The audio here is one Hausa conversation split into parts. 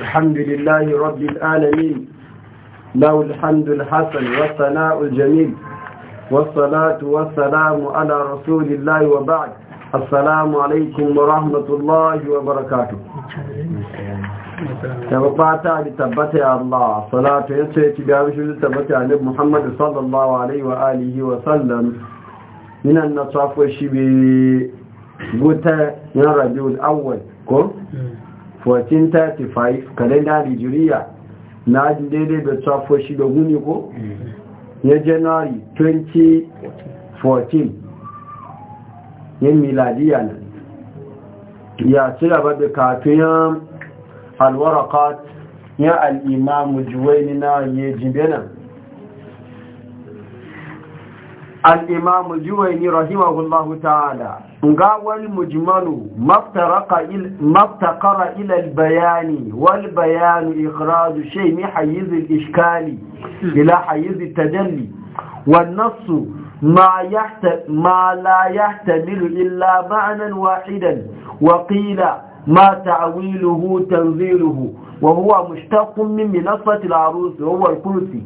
الحمد لله رب العالمين له الحمد الحسن والثناء الجميل والصلاة والسلام على رسول الله وبعد السلام عليكم ورحمة الله وبركاته tabbata da tabbata Allah salatu ya ce ki gabi shi tabbata ya nabi Muhammad sallallahu alaihi wa wa sallam minan nasafo awwal ko 1435 kalenda hijiriya na daidai da tsafo shi da guni ko mm. ya januari 2014 yin miladiya nan ya ci gaba da kafin alwarakat ya al'imamu juwaini na nan. الإمام الجويني رحمه الله تعالى قال المجمل ما افتقر إلى البيان والبيان إخراج شيء من حيز الإشكال إلى حيز التجلي والنص ما, يحت... ما لا يحتمل إلا معنى واحدا وقيل ما تعويله تنزيله وهو مشتق من منصة العروس وهو الكرسي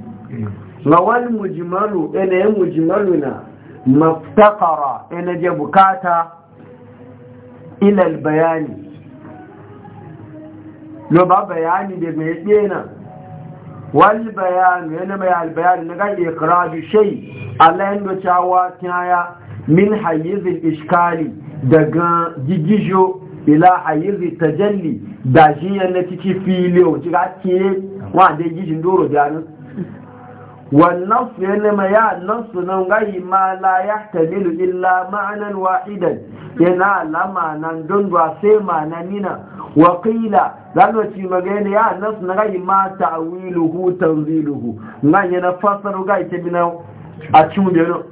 lawal mujimalu ene ya na maftakara ene je bukata ilal bayani yo ba bayani da mai tsena wal bayani ene mai al na ga ikraju shay Allah yanda cewa taya min hayiz al iskali daga gigijo ila hayiz tajalli da shi na ciki fili o ke wa da gijin doro da wannan su ya nema ya nan su nan gayi ma la ya tamilu illa ma'anan wa'idan yana lama nan don ba sai ma'ana nina wa qila zanu ci magana ya nan su nan gayi ma ta'wiluhu tanziluhu nan yana fasaru gayi ta bina a cikin jero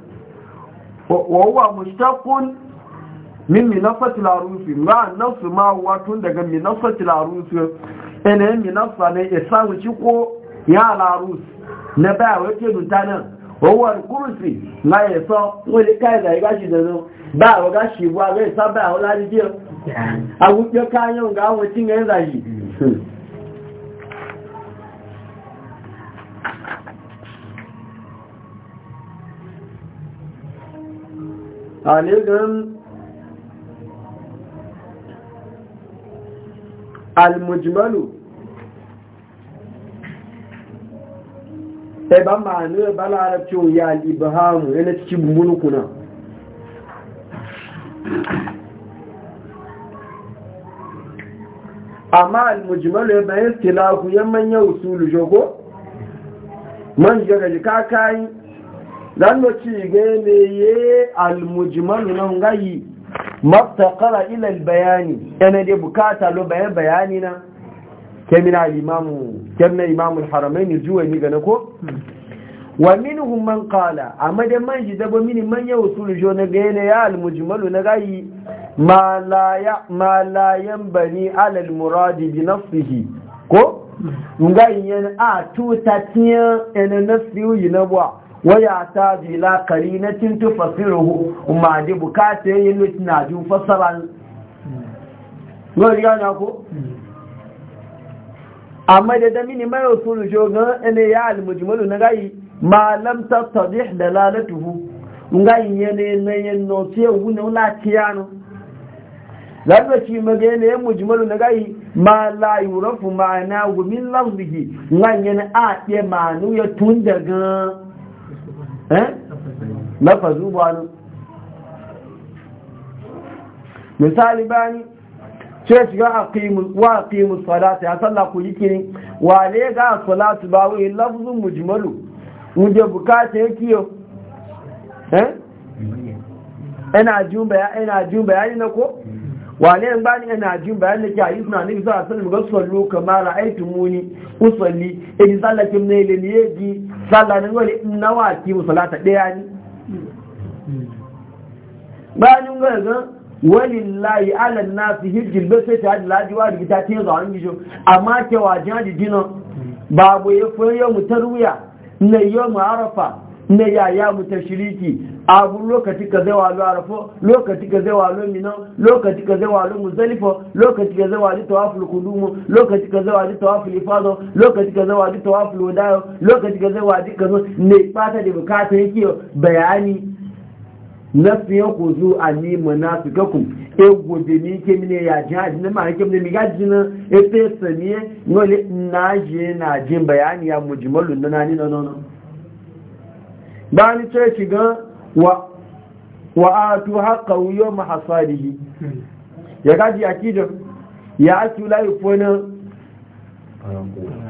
wa huwa mushtaqun min minafati larufi ma nan su ma wato daga minafati larufi ene minafsa ne isa wuci ko ya larus na baya wace dutanen wawar kurusi na ya sọ wani kayan da ya gashi da nan ba gashi buwa zai sa baya wani ajiyar a wuce kayan ga wacin ganin zashi sai ba ma'anu ba cewa ya libahamu yana cikin mulkuna amma al ya bayan tilahu yan manyan usulu jogo man jaga jika kai dan no ci ne ye al-mujmal nan gayi mabtaqara ila al-bayani yana da bukata lo bayan bayani na kemina imamu kemna imamu al-haramain yi gane ko wa minhum man qala amma da man ji dabo mini man ya usul jo na ga ya al-mujmalu na gayi ma la ya ma la bi nafsihi ko ngai yan a tuta ina en nafsi yi na bwa waya ta bi la qarinatin tufasiruhu umma di bukata yin na ju fasaran ngori ga na ko amma da da mini mai usulu shogan ne ya almujmalu na gayi ma lam tattadih dalalatuhu ngai yene ne yen no tie wuna la tiyano shi ci magana ya mujmalu na gayi ma la yurafu ma'ana wa min lafzihi ngai yene a ma nu ya tun daga eh lafazu ba misali bani sai shiga wa aqimu salata ya salla ku yikini wa ne ga salatu ba wai lafzun mujmalu muje bukata yake yo eh ina jin bayani ina jin bayani na ko wa ne ba ni ina jin bayani da ke ayi suna nabi sallallahu alaihi wasallam ga sallu kama ra'aytumuni usalli idan sallakin ne le ne yi sallah ne wani nawa ki salata daya ni bayan ga ga walillahi ala nasi hijjil bai sai ta hajji lajiwa da gita tiyan zawon gijo amma ke wajen hajji dino babu ya fi yau mu tarwiya na yau mu arafa na yaya mu ta shiriki abu lokaci ka zai walo arafo lokaci ka zai walo mino lokaci ka zai walo muzalifo lokaci ka zai walo tawaful kudumu lokaci ka zai walo tawaful ifado lokaci ka zai walo tawaful wadayo lokaci ka zai walo kazo ne fata da bukata yake bayani nafiyan ku zu a ni munafikakun e gobe ni ke mine ya ji haji na mara ke mine mi gaji na e fe saniye nole e, na ji na ji bayani ya mujimalun na nani na nono bani ce shiga wa haka wuyo ma yawma hasadihi ya gaji akida ya atu layi fona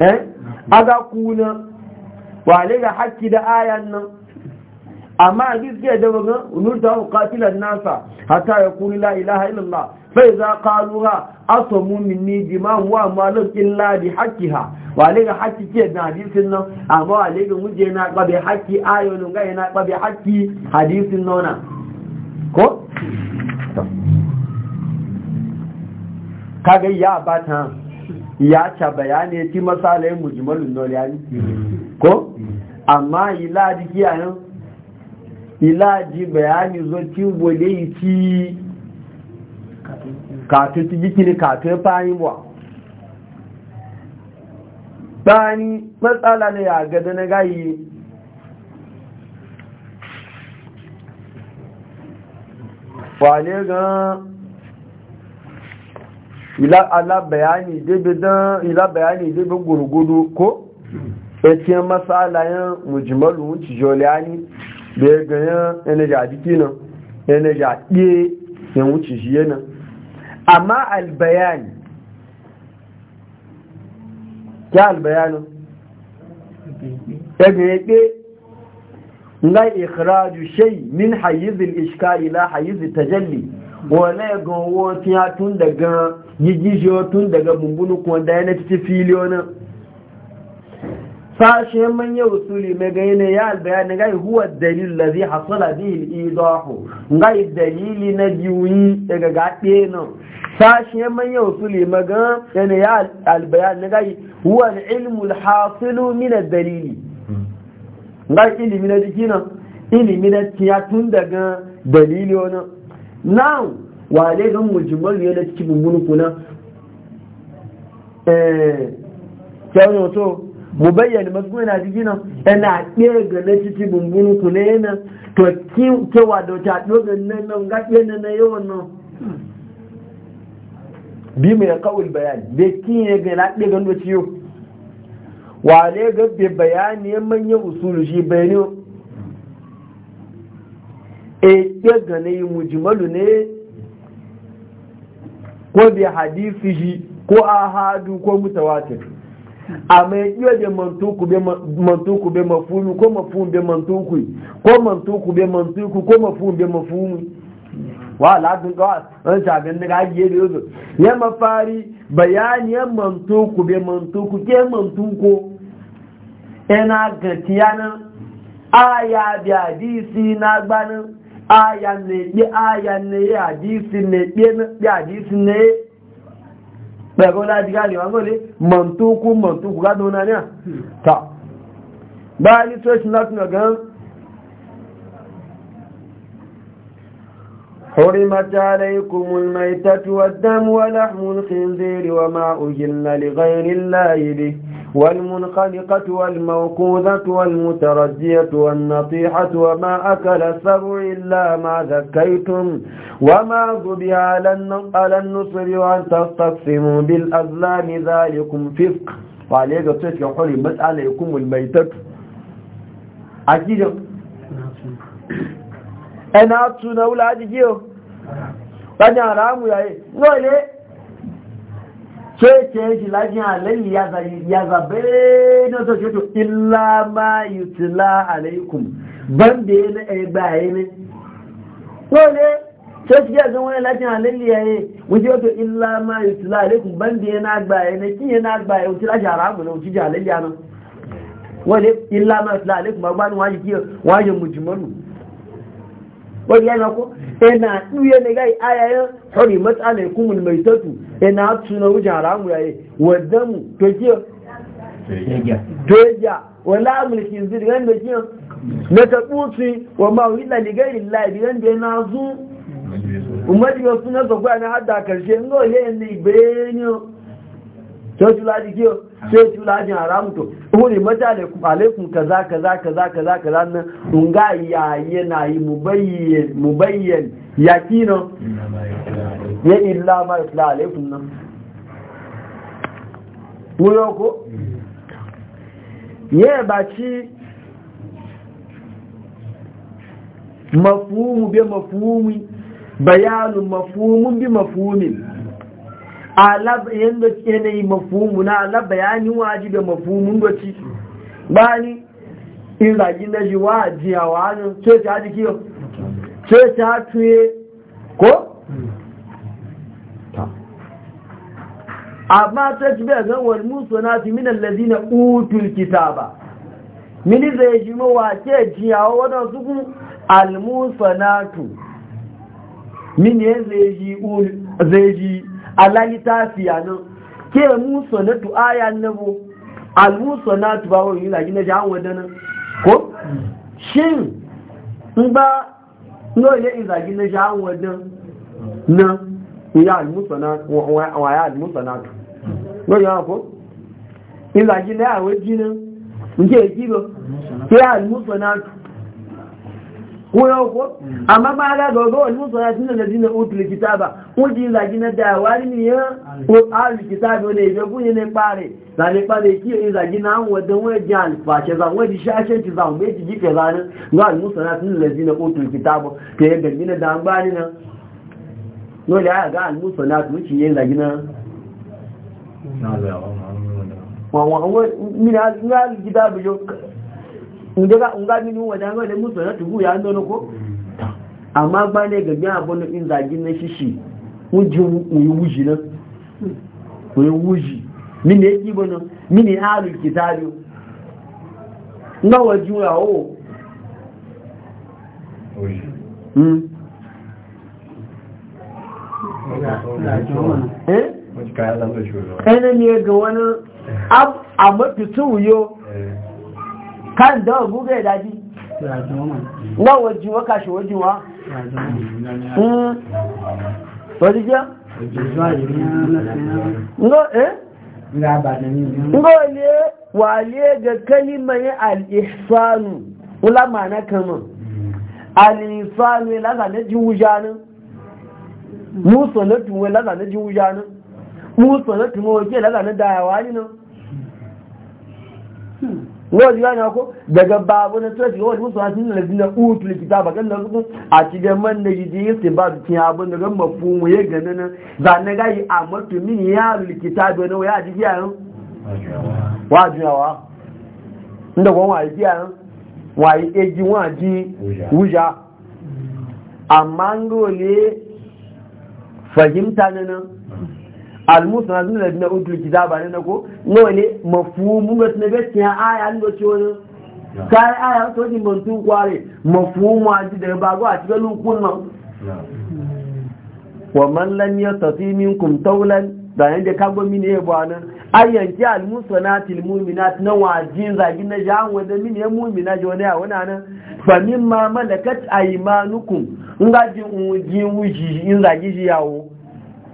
eh aga kuna wa alayka haqqi da ayan nan amma hadis ke da wani unurta wa qatilan nasa hatta yaqulu la ilaha illallah fa idza qaluha asamu minni dimam wa malun illa bi haqqiha wa alayka haqqi ke na hadisin nan amma alayka muje na kwabe haqqi ayonin gaya na kwabe haqqi hadisin nona ko kaga ya bata ya ca bayani ti masalai mujmalun nolani ko amma ila dikiya nan ilaji bayani zo ti wole yi ti kàtó ti jí kiri kàtó fáyín wà báyí matsala ne ya gada na gayi wane gan ila bayani dabe gurgudu ko etiyan matsalayen mujimalu wuce joliyani da ya ganyan yana ja jiki nan yana ja ɗiye ya wuce shi yana amma albayani ya albayanin ya ganyan ɗe na ikiraju shai min hayizin iskari na hayizin tajalli wane ganwo tun daga yi gijiyo tun daga bumbunu kuma da yana cikin filiyonin sashe manye usuli mai ga yanayi ya albayani ga huwa dalil lazi hasala bihi al-idahu ga dalili na biyu daga gaɗe nan sashe manye usuli mai ga yanayi ya albayani ga huwa na ilmu al-hasilu min dalili ga ilimi na jiki nan ilimi na tiya tun daga dalili wani now wale don mujmal yana cikin mummuni eh kyawun wato mu bayyana masu yana jiki nan yana ɗaya ga na cici bumbun ku ne yana to kewa da wata ɗoga nan nan ga ɗaya na yawan nan bi mai kawul bayani bai kiyaye ga na ɗaya ga na ciyo wale ga bai bayani ya manyan usulu shi bayani e ɗaya ga na yi mujimalu ne ko bai hadisi shi ko ahadu ko mutawatir amma iya da mantuku be mafumi ko mafumi be mantuku ko mantuku be mantuku ko mafumi be mafumi wa aladun kawai wani shafin daga ajiye da yanzu ya mafari bayani ya mantuku be mantuku ke mantuko yana gatiya nan aya bi hadisi na gbanin aya ne ya aya ne ya hadisi ne ya hadisi ne daga wani ajiya ne wanzu ne mantuku mantuku ga dona ne ta ba ni to shi حرمت عليكم الميتة والدم ولحم الخنزير وما أجل لغير الله به والمنخنقة والموقوذة والمتردية والنطيحة وما أكل السبع إلا ما ذكيتم وما ذبها على النصر وأن تستقسموا بالأزلام ذلكم فسق وعليك تشكي حرمت عليكم الميتة أكيد أنا أتسونا ولا أجيو قد أرامو يا إيه keke shi lajin alayhi ya zabe na to shi illa ma yutla alaikum ban da yana ai baye ne ko ne sai shi ga wani lajin alayhi yayi wuce to illa ma yutla alaikum ban da yana baye ne kin yana baye wuce lajin haramu ne wuce alayhi ya nan wale illa ma yutla alaikum ba ban waji kiyo waji mujmalu wani yana ko yana ɗuye ne gai ayayen hori matsala ya kuma mai tatu yana tuna wuce haramu yayi wadda mu to ke doja wala mulkin zir ran da na ta tsuci wa ma wila ni gai lillahi ran da yana zu umar yau suna zagwa na hada karshe ngo yayin ne bayanyo to tuladi kiyo sai ya ci lajin haramun to huri mata da kuma alaikun kaza kaza kaza kaza kaza nan mun ga yayi na yi mubayyan mubayyan yakinan ya illa ma isla alaikun nan wuyo ko ya yi ba ci mafumu bi mafumi bayanu mafumin bi mafumin alab yanda yanayi mafumu na alab bayanin da ci ba ni in ragi na ji wa jiya wa hannun ce ta haji kiyo ce ta tuye ko? amma ta ci bai zan wani musu na fi minan lazina utul kitaba mini zai shi mawa ke jiyawa wadda suku almusanatu min yanzu zai ji alali tafiya nan ke muso na tu'aya na bu almuso na tubawa yi lagi na jihar wadana ko shin in ba nole in zagi na jihar wadana na ya almuso na waya almuso na tu no yawa ko in na yawa jinin nke ya ke ya almuso na tu koyo ko mm. amma ma ga gogo wani musu ya tunan da zina utul kitaba wuji zagi na da wani mm. ne ya al kitabi ne ya gunye ne pare da ne kpare ki yin zagi na an wadan wani ji alfashe za wani ji shashe ki za mu ji jike za ne ga musu ya tunan da zina utul kitaba ke ya da an bani nan dole ya ga na tuci yin zagi na wa wa wa min al kitabi yo ndega unga ni wajen dama da musu na tugu ya ndono ko amma ba ne ga gyan abun in zagin na shishi uji uyi wuji na uyi wuji mini yake bana mini halu kitabu nga waju o mm eh ẹni ni ga wani a mafi tuwuyo kan da guga ya daji na wajiwa kashi wajiwa hmm. wajiya ngo eh? ngo le wale ga ulama na kama ne jujanin musu na tuwe la ga ne na ne dayawa ni nan Wani yíwá ní daga babu na tsoci wọ́n musu hasi na lafi na utu likita ba kan da su a cikin man da jiji yake ba su cin abin da gama fumu ya gani nan za na gayi a matu min yaro likita bai na waya a jiki yayin wa juyawa inda kwan wa jiki yayin wa yi eji wa ji wuja amma ngole fahimta na nan almusu na zunar na utul kitaba ne na ko nawa ne mafhumu ga na gaskiya aya an doce wani kai aya to din bantu tu kware mafhumu a ji da ba a cikin lukun nan wa man lam yastati minkum tawlan da yanda ka gomi ne ba nan ayyanki almusanatil mu'minat na wajin zagin na jahan wanda min ya mu'mina ji wani a wani nan fa mimma malakat aymanukum in ga ji wuji in zagi ji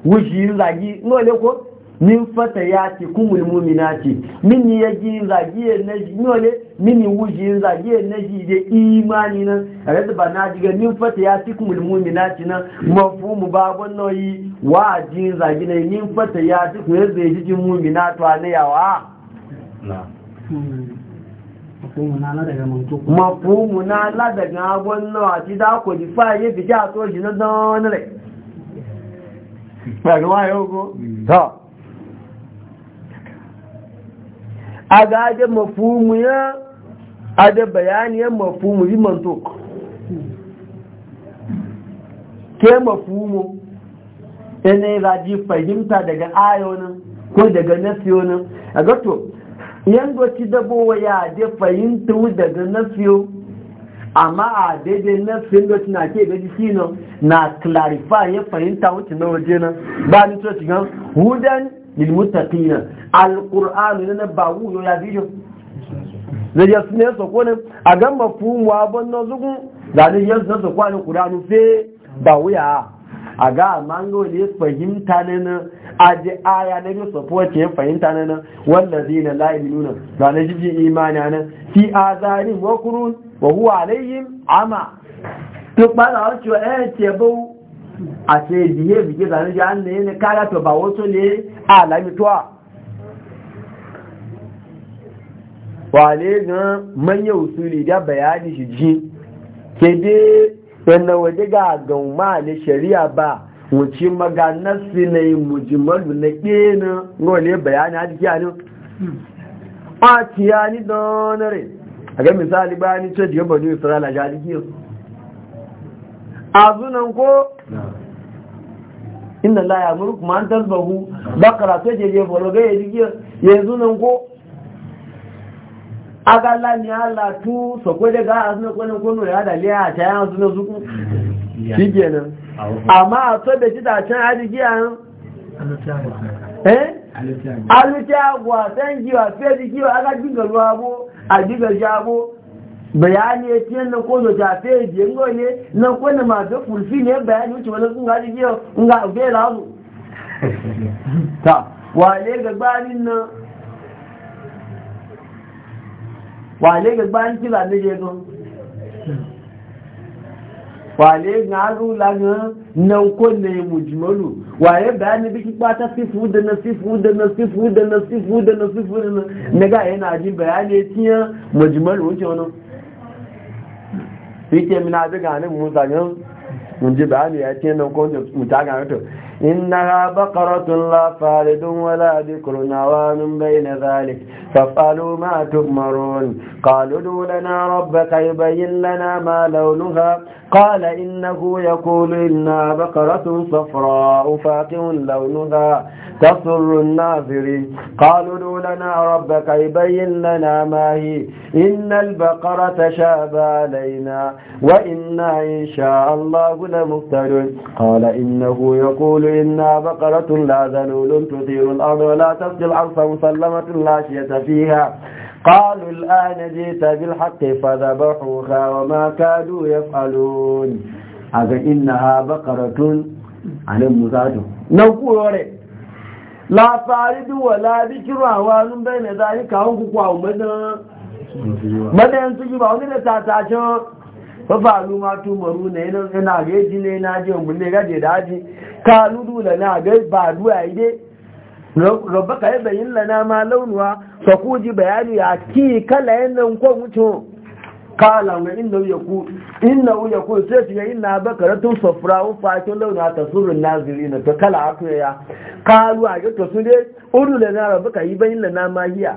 wuji zagi no le ko min fata ya ce kumul mumina ce min ya ji zagiyar na ji nole min wuji zagiyar na ji da imani nan rasa ba na min fata ya ce kumul mumina ce nan mafumu babon noyi wa ji zagi na min fata ya ce kuma yadda ya ji mumina to a nayawa mafumu na ladaga abon a ci da ko ji fa ya fi ja to ji na don rai faruwa yau ko? ta a ga ya ade bayaniyar yi mantok fahimta daga ayona ko daga nasiyonin a gato yan doci dabowa ya ade fahimta daga nasiyo amma a daidai na da na ke gaji shi nan na clarify ya fahimta wuce na waje nan ba ni to shiga hudan lilmuttaqina alqur'anu na ba wuyo ya bi da ya sune so ko ne a ga mafhumu abun na zugu da ni ya sunne so ko ne qur'anu fe ba ya a ga mango ne fahimta ne na ji aya na biyu support ya fahimta ne na wallazina la yu'minuna da ne ji imani ne fi azarin wa qurun wọ̀húwà aléyìn àmà tó pàdà ọ̀ṣọ́ ẹ̀ẹ́tẹ̀ bó àti ìdíyẹ ìbìkẹ́ ìdánilẹ́ àní ní káràtọ̀ bàwọ́ tó lé àlàmìtọ́à bayani ṣì jí kéde ẹnàwọ̀dé gàgàn máa lè ṣẹ̀rí àbá wọ́n ti maga nasi na ìmùjìmọ́lù na pẹ́ẹ́nà bayani a ga misali bayani ce jiya bani isra'ila ja jikiyo a zunan ko inda la ya murku ma an tasbahu bakara ce je bolo ga ya jikiyo ya zunan ko aga la ni ala tu so ko de ga azuna ko ne ko no ya da liya ta ya azuna zuku shikenan amma a so da jida can adigiya eh alutiagwa sai you sai kiwa aga dinga ruwa bo a diga bayani ya ce na kodo ta fe je ngo ne na kona ma da fulfi ne bayani wuce wani kun gaji biyo in ga fe lazu ta wale ga gbanin nan wale ga gbanin kila ne ya gon wale ga ru la nan na kona mujmalu waye bayani biki bata sifu da na sifu da na sifu da na sifu da na sifu da na ga yana ji bayani tiya majmal wuce wannan yake mina bi ganin musa yan mun ji bayani ya tiya nan ko mu ta ga to إنها بقرة لا فارد ولا ذكر نوان بين ذلك فافعلوا ما تؤمرون قالوا ادعوا لنا ربك يبين لنا ما لونها قال إنه يقول إنها بقرة صفراء فاقع لونها تصر الناظرين قالوا ادعوا لنا ربك يبين لنا ما هي إن البقرة شاب علينا وإنا إن شاء الله لمهتدون قال إنه يقول إنا بقرة لا ذلول تثير الأرض ولا تسقي الحرث مسلمة لا شية فيها قالوا الآن جئت بالحق فذبحوها وما كادوا يفعلون هذا إنها بقرة على المزاج نقول لا فارد ولا ذكر أهوال بين ذلك هم كوا ومدن مدن تجيب أهوال تاتاشون fafalu tu maru nan ina ga ji ne na ji mun ne gaje da haji ka ludu da na ga ba duwa ide rabba ka yi la na ma launuwa ku ji bayani ya ki kala yanar ko mutu kala wa inna ya ku inna ya ku sai shi ga inna bakaratu safra wa fatin launa tasurun nazirina to kala akuya kalu a ga to su de, udu da na rabba kai yi la na ma hiya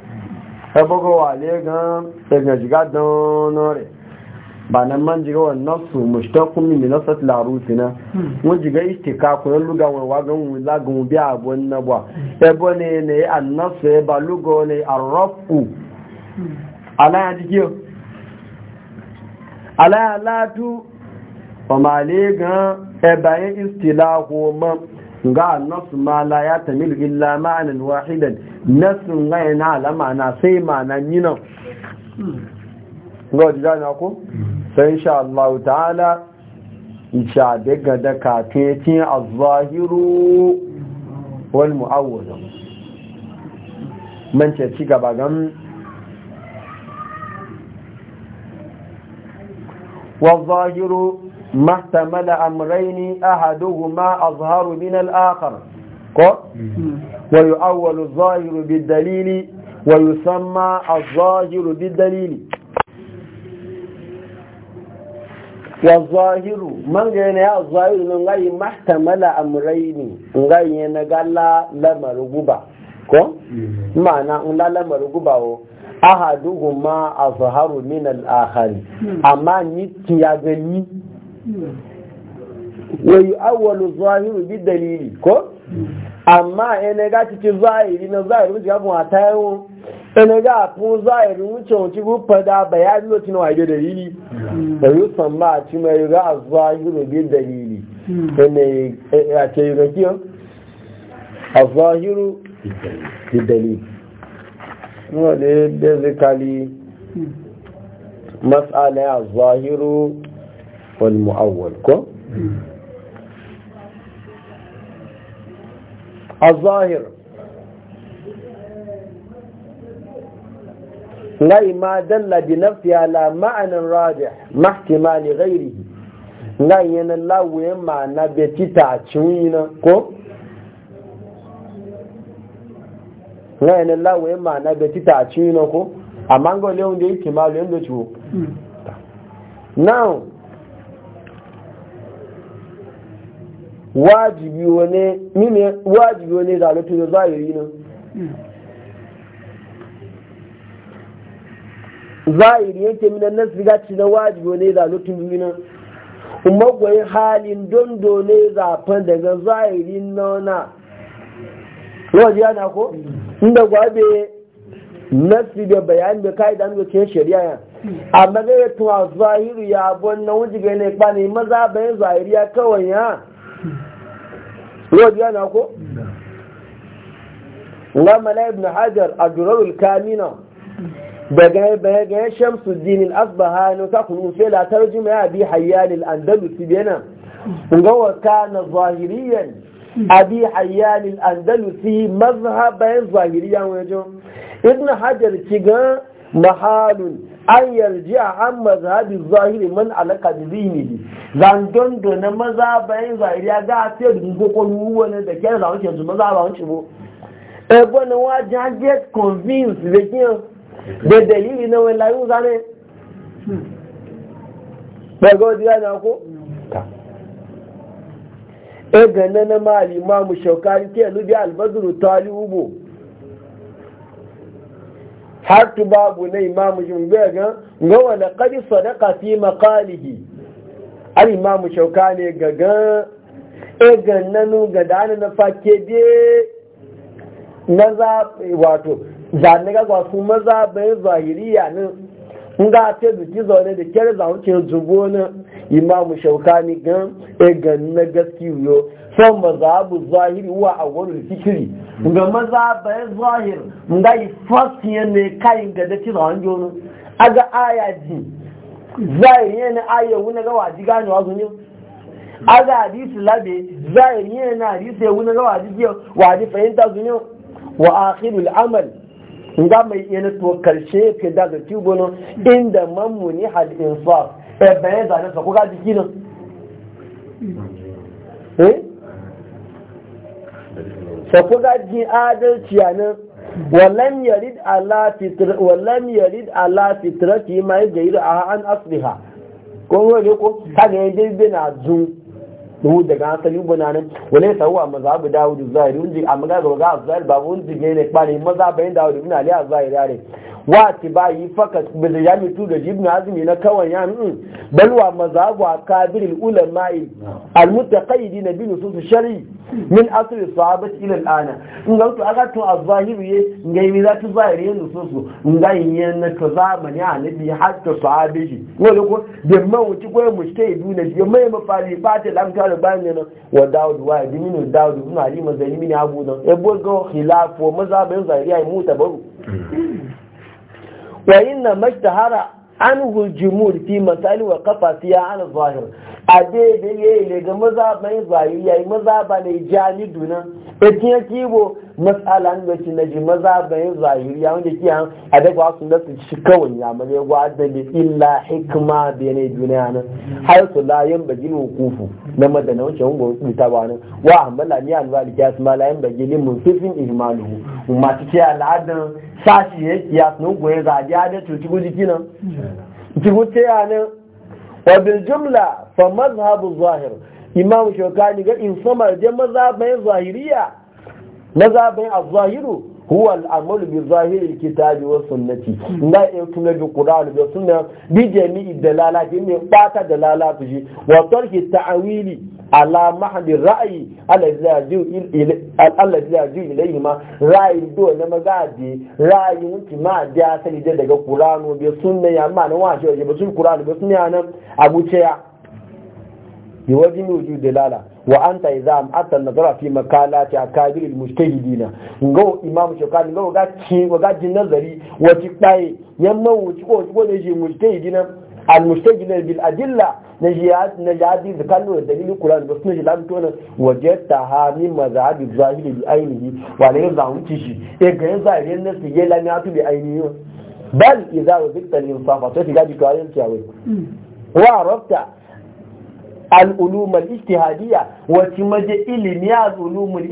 ẹgbogbo wà lé gan ẹgbẹ̀ jìgá dánná rẹ̀ ba nan wa nasu mushtaqun min nasat la rusina hmm. mun jiga istika ko luga bi abun na ba e bone ne an nasu ba lugo ne arrafu hmm. ala ya gan e ba yin ga nasu ma la ya tamil illa ma'anan wahidan nas ga yana ala ma'ana sai ma'ana yinan ga wajen na ku sai insha Allah ta'ala insha daga da kafin az-zahiru wal mu'awwal ci gaba gan wa zahiru محتمل أمرين أحدهما أظهر من الآخر ويؤول الظاهر بالدليل ويسمى الظاهر بالدليل والظاهر من غير يا الظاهر من غير محتمل أمرين غير نقال لما رغبا ko ma'ana in lalamar gubawo ahaduhuma azharu min al-akhari amma ni ya wayu awwalu zahiru bi dalili ko amma enega ga ci zahiri na zahiri wuce abun atayo ene ga fu zahiri wuce wuce bu fada bayani lo tinu aibe dalili da yusan ma ci mai ga zahiru bi dalili ene ya ce ga kiyo azahiru bi dalili wale basically mas'ala azahiru والمؤول كو الظاهر غير ما دل بنفسي على معنى راجح ما احتمال غيره غير الله يما نبتي تعشوين كو غير الله يما نبتي تعشوين كو اما نقول لهم دي احتمال يندشو now wajibi wane mine wajibi wane da alatu da zahiri nan zahiri yake mina nasu ga na wajibi wane da alatu mina magwayin halin dondo ne zafin daga zahiri nona wajen yana ko inda gwabe nasu da bayani da kai da nuna shari'a ya amma zai tuwa zahiri ya abuwan na wujiga ne kpanin maza bayan zahiri ya kawai ya ruwa biya ko? nga mala ibn hajar a durarul kamina daga bayan shamsu dinin asbaha na ta kunu sai la tarjuma ya bi hayyalil andalusi bena nga wa kana zahiriyan abi hayyalil andalusi mazhaban zahiriyan wajen ibn hajar ga mahalun an yarji a an mazhabi zahiri man alaka da zihini zandon da na maza bayan zahiri ya ga a fiye da gugokon ruwa ne da kyan zawon kenzu maza ba wancin bo ebe na wajen an get convinced da kiyan da dalili na wani layu zane daga wajen yana ko e ganna na mali mamu shaukari ke lubi albazuru tali ubo har tu babu na imamu jumbe ga ga wala qad sadaka fi makalihi al imamu shaukani ga ga e gan nanu ga ana na fake de na za wato zane ga wasu maza bai zahiriya nan Nga ga ce zuki zaune da kyar zaune zubo na imamu shaukani gan egan na gaski gaskiyo son mazhabu zahiri wa awwalul fikri ga mazhabai zahir yi ga first ne kai ga da ci zaune jono aga aya ji zahiri yana aya wuna ga waji gane wa zunyo aga hadisi labe zahiri yana hadisi wuna ga waji waji fahimta zunyo wa akhirul amal nga mai yana to karshe ke da ga tubono inda mamuni hal insaf e bayan zane sa ga jiki nan eh sa ga ji adalci nan walam yarid ala fitra walam yarid ala fitrati gairu a an asliha ko ne ko kaga dai na zun duhu daga asali bunanin wale ta huwa mazhabu dawud zahiri a amma ga ga zahiri ba unji ne ne kwani mazhabin dawud ibn ali zahiri yare wa tibayi fakat bi jami tu da ibn azumi na kawan ya mm. bal wa mazhabu akabir al ulama al biyu sun su shari min asl sahabati ila al ana in ga to aga to azahiri ye ngai mi za tu zahiri nusus ngai yen na to zamani nabi hatta sahabi ne ko da mawuci ko mushtahidu ne mai mafali fatil amkar mara bayan nan wa dawud wa ibn min dawud ibn ali mazali min abu nan e bogo khilafu mazhabin zahiriya yi mutabaru wa inna mashtahara anhu jumhur fi masali wa qafa fiya ala zahir ade de ye le ga mazhabin zahiriya yi mazhabane jamidu nan e tiyan kibo matsala da ke na ji maza bayan zahiriya wanda ke yan adagwa su na su ci kawai ya mare gwa da bi illa hikma da yanayi duniya nan har su layan bagini hukufu na madana wancan wanda wasu bita ba nan wa hamala ni alwa da kiyas ma layan bagini mun musufin ihmalu ma ci ce al'adan sashi ya kiyas nun goye zadiya da cuci guji kinan cikin ce ya nan wa bil jumla fa mazhabu zahir imam shokani ga in sama da mazhabin zahiriya na zaɓen a zahiru huwa al-amalu bi zahiri al-kitabi wa sunnati la tuna bi qur'an bi sunna bi jami'i da lalata dalalati ɓata da lalata shi wa tarki ta'awili ala mahdi ra'ayi alladhi la yaju ilayhi ma ra'ayi do na magaji ra'ayi mutu ma da asali daga qur'an bi sunna ya ma na wa shi bi sunna qur'an bi sunna nan abuce ya بوجه وجود دلالة وأنت إذا أمعت النظر في مقالات أكابر المجتهدين نغو إمام شوكان نقول وقات النظري وتقطعي يمو وتقول وتقول نجي مجتهدين المجتهدين بالأدلة نجيات نجادي ذكرنا والدليل القرآن بس نجي لم تونا وجدتها من مذهب الظاهر بعينه وعليه زعم تشي إيه غير ظاهر الناس يلا نعطي بعينه بل إذا وزقت الإنصاف فتجد قارئ الكاوي وعرفت al'ulum al-ijtihadiyya wacce maje ilimi ya ulum al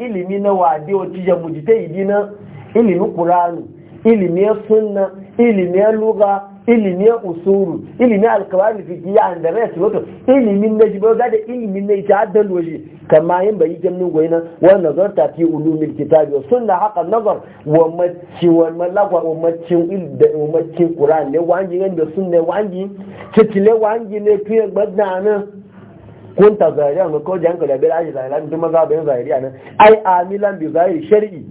ilimi na wade wacce ya idina na ilimin qur'ani ilimin sunna ilimin lugha ilimin usuru ilimi alkawari ya da rest wato ilimin na jibo ga da ilimin na ita haddan waje kama yin bayi jamnin goyi nan wa nazar ta fi ulumin kitabi wa sunna haka nazar wa mace wa malakwa wa mace wa mace qur'an ne wa hanji da sunna wa hanji kitile wa hanji ne fiye gbadda nan kun ta zariya mu ko janka da bira ajira lan duma za bayan zariya nan ai amilan bi zahiri shari'i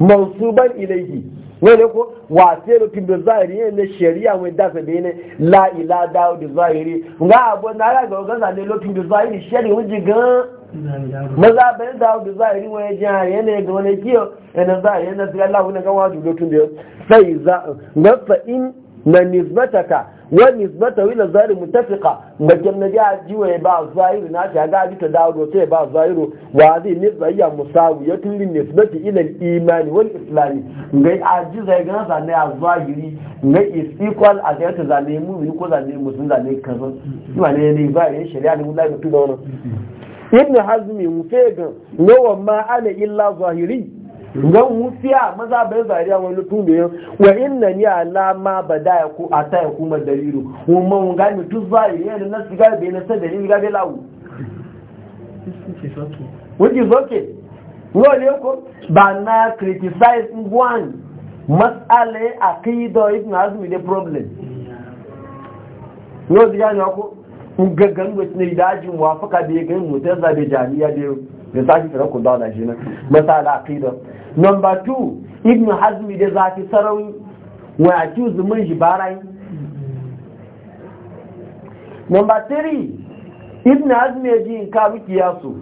mansuban ilaihi wani ko wa tsere tun zahiri yin na shari'a mai dasa da yana la'ila dawo da zahiri ga abu na ya ga gaza ne lokacin da zahiri shari'a wajen gan maza bai dawo da zahiri wani jihar yana ga wani kiyo yana zahiri yana tsira lafi na gawa da lokacin da sai za ga fa'in na nisbataka wani nisbata wila zari mutafika ga kemna ja jiwa ba a zahiru na ta ga bi ta dawo ta ba a zahiru wa zai nisba ya musawu ya tulin nisbati ila imani Wani islami ga aji zai ga zane a zahiri ga is equal a ga ta zane mu ko zane musun zane kazan kuma ne ne ba ya shari'a ne mun da ga tuba wannan ibn hazmi mu fegan nawa ma ana illa zahiri zan wufiya maza bai a wani tun da yau wa inna ni alama ba da ya ku a ta ya kuma dalilu kuma mun gani duk zari ne na siga bai na sa dalili ga bai lawu wuce zoke wani ko ba na criticize ngwan matsala a kai da ibn azumi da problem yau da ya ne ko gaggan mutum ne dajin wafaka da ya gani mutum zabe jami'a da yau da sashi tsara ku dawo da shi nan masala aqida number 2 ibnu hazmi da zafi sarawi wa accuse mun shi barai number 3 ibnu hazmi ya ji in ka miki yasu?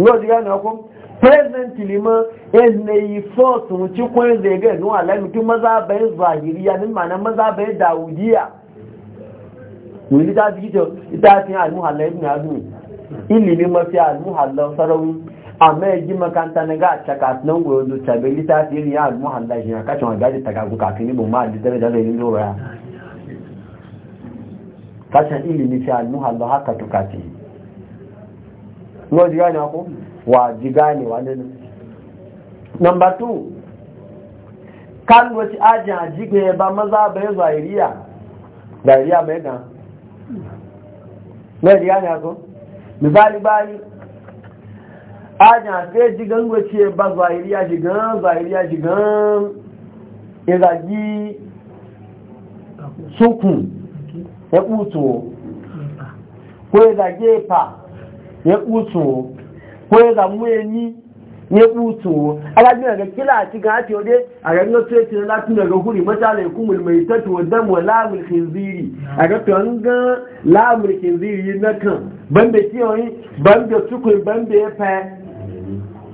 ngo diga na ko present lima ezne yi force mu ci ko ezne ga no ala mutum maza bai zahiriya din ma'ana maza bai dawudiya wani ta ji ta ta tin al-muhalla ilimi mafi almuhallan sarauni amma ya ji makanta na ga caka nan goyon zuciya bai ya shi ya wani ta kafin ibin ma da dare da zai lura ya kashen ilimi fi almuhallan haka tukati wa ji gane wa ji gane number kan wace ajin ajiyar ba maza bai zahiriya zahiriya bai gan na ji gane misali bayi ajan sai jigan gwace ba zahiriya jigan zahiriya jigan iragi e sukun ya e kuto ko ya zage ya kuto ko ya zamu ni ya buto alaji daga kila ci ga ati ode a ga ngo tete na tun daga huri mata kumul mai tatu ta dam damuwa lamul khinziri a ga to nga lamul khinziri na kan banda kiyoyi banda sukun banda ya fa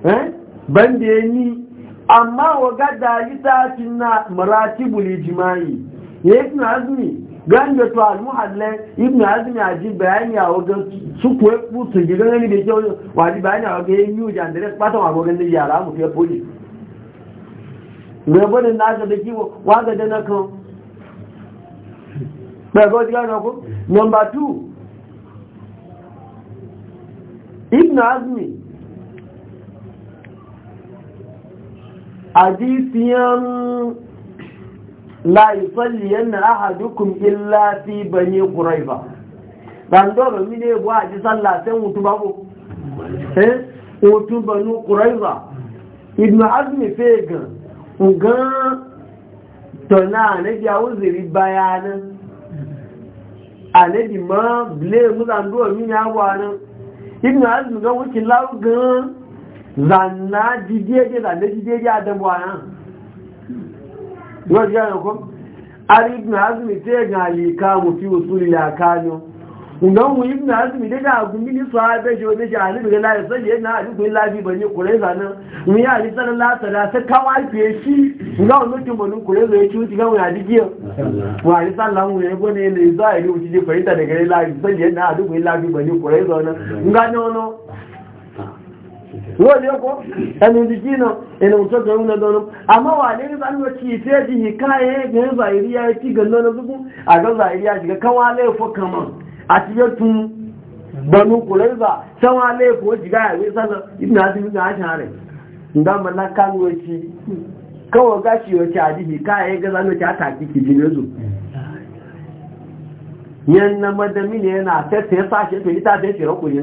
eh banda ya ni amma wa ga dalita tinna maratibul ijma'i yayin azmi ganda to al ibn azmi aji bayani a wajen su kuwa kusa gidan gani da kyau waji bayani a wajen yin yuja da rek fata wa gogan da yara mu fiye poli gabanin na ga da kiwo waga da na kan bai ga wajen na ku number 2 ibn azmi aji siyan la yusalli yanna ahadukum illa fi bani ji sai eh tona ya uzuri bayana anabi ma ble mu da doro ya nan ga yau, jẹ́ ẹ̀kọ́ arìbìnà azumi tẹ́ gan àyíká mú fi òsúlì làkánú ǹgbọ́n mú ibìnà azumi dẹ́gbà agun bí ní sọ oníṣẹ́ àríbìnà wani yako ɗan jikina ina mutu da nuna donin amma wane ne zan wace fiye ji hikaye ga yin ya ci gando na zuku a ga zahiriya shiga Ka wale fo kama a cikin tun banu kuraiza san wale fo shiga ya yi sanar ibn azumi na ashin hare nda mana kan wace kawai gashi wace a ji ga zan a taki ki jini zu yan na madami ne yana tattaya sashe to ita ta yi shirakun yi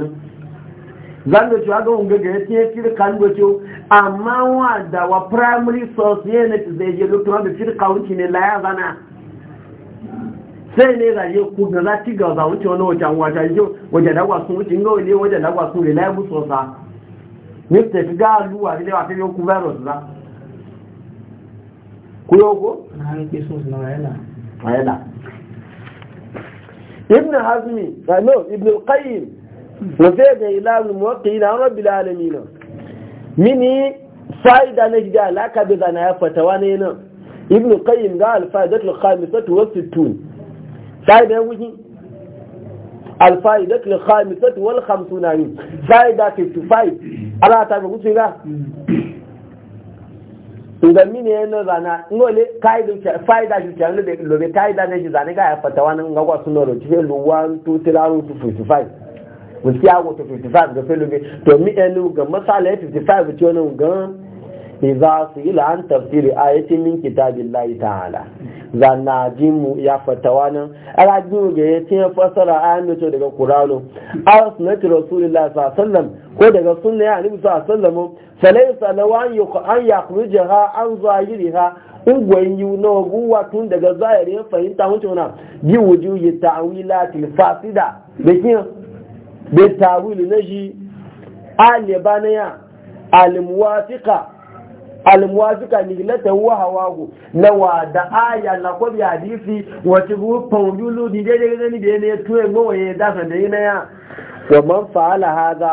zanda cewa ga hunga ga yake ya firka e ne wato amma wa da wa primary source ne na ta zai je lokacin da firka wuce ne laya zana sai ne za je ku ga za ti ga za wuce wani wajen wata yau wajen dagwa sun wuce inga wajen dagwa source ne ta fi ga luwa ne wa yau ku virus za ku yau ko? na hannun source na rayala wafe ga ilahun muwaƙi na rabbi alamina mini fa'ida na gida alaka bai zana ya fatawa ne nan ibn qayyim ga alfa'idatul khamisatu wa sittun fa'ida ya wuce alfa'idatul khamisatu ga da mini yana zana ngole kaida fa'ida shi ta lobe kaida ne shi zane ga ya fatawa nan ga kwasu loro cikin 1 2 3 4 5 gaskiya ko to 55 ga filo to mi enu ga masala 55 ci wannan gan idza sila an tafsir ayatin min kitabillahi ta'ala mu ya fatawa nan alajimu ga ya ce fasara ayan da daga Qur'ano A sunnati rasulillahi sallallahu alaihi wasallam ko daga sunna ya annabi sallallahu alaihi wasallam falaysa law an yuqan yakhrujaha an zahiriha ungwayin yi na guwa tun daga zahirin fahimta mutu na. bi wujuhi ta'wilatil fasida da kiyan bai tawili na shi alibaniya alimuwafika alimuwafika niglatan wahawago na wada aya na kwabi hadisi wata rufin yulu ni daidai gani da yanayi tuwe mawa ya dasa na ya. wa man fa'ala haza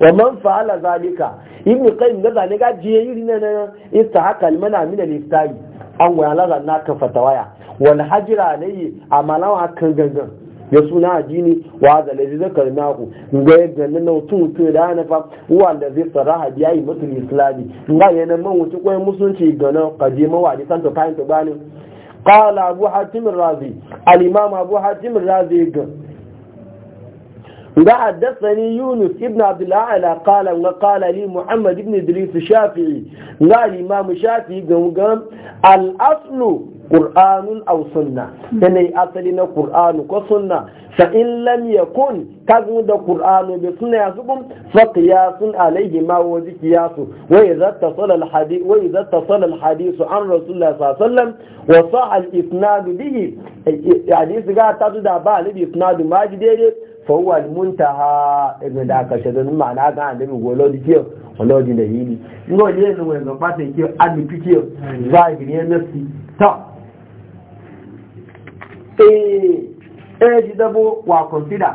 wa man fa'ala zalika ibn qayyim da zane ga jiye yuri na nan ita haka almana min al-iftai an wa la na ka fatawaya wal hajra alayhi amalan akan gangan ya suna jini wa da lazi zakar naku ga yadda na nautu mutu da hana fa wa da zai saraha biya yi mutum islami ga nan man wuce kwayan musulunci ga na kaje mawa da santa fayin ta bani qala abu hatim razi alimama abu hatim razi ga ga haddathani yunus ibn abdullahi ala qala wa qala li muhammad ibn idris shafi'i ga al shafi'i ga al-aslu qur'anun aw sunna asali na qur'anu ko sunna fa in lam yakun kagu da qur'anu bi sunna yasubum fa qiyasun alayhi ma wa qiyasu wa idza tasala al hadith wa tasala al hadith an rasulullah sallallahu alaihi wasallam wa sah al isnad bihi hadith ga ta da ba al isnad ma ji daidai fa huwa al muntaha ibn da aka shadan ma'ana ga annabi golo dikiyo wallahi da yini ngo an ta eh eh ji dabo wa consider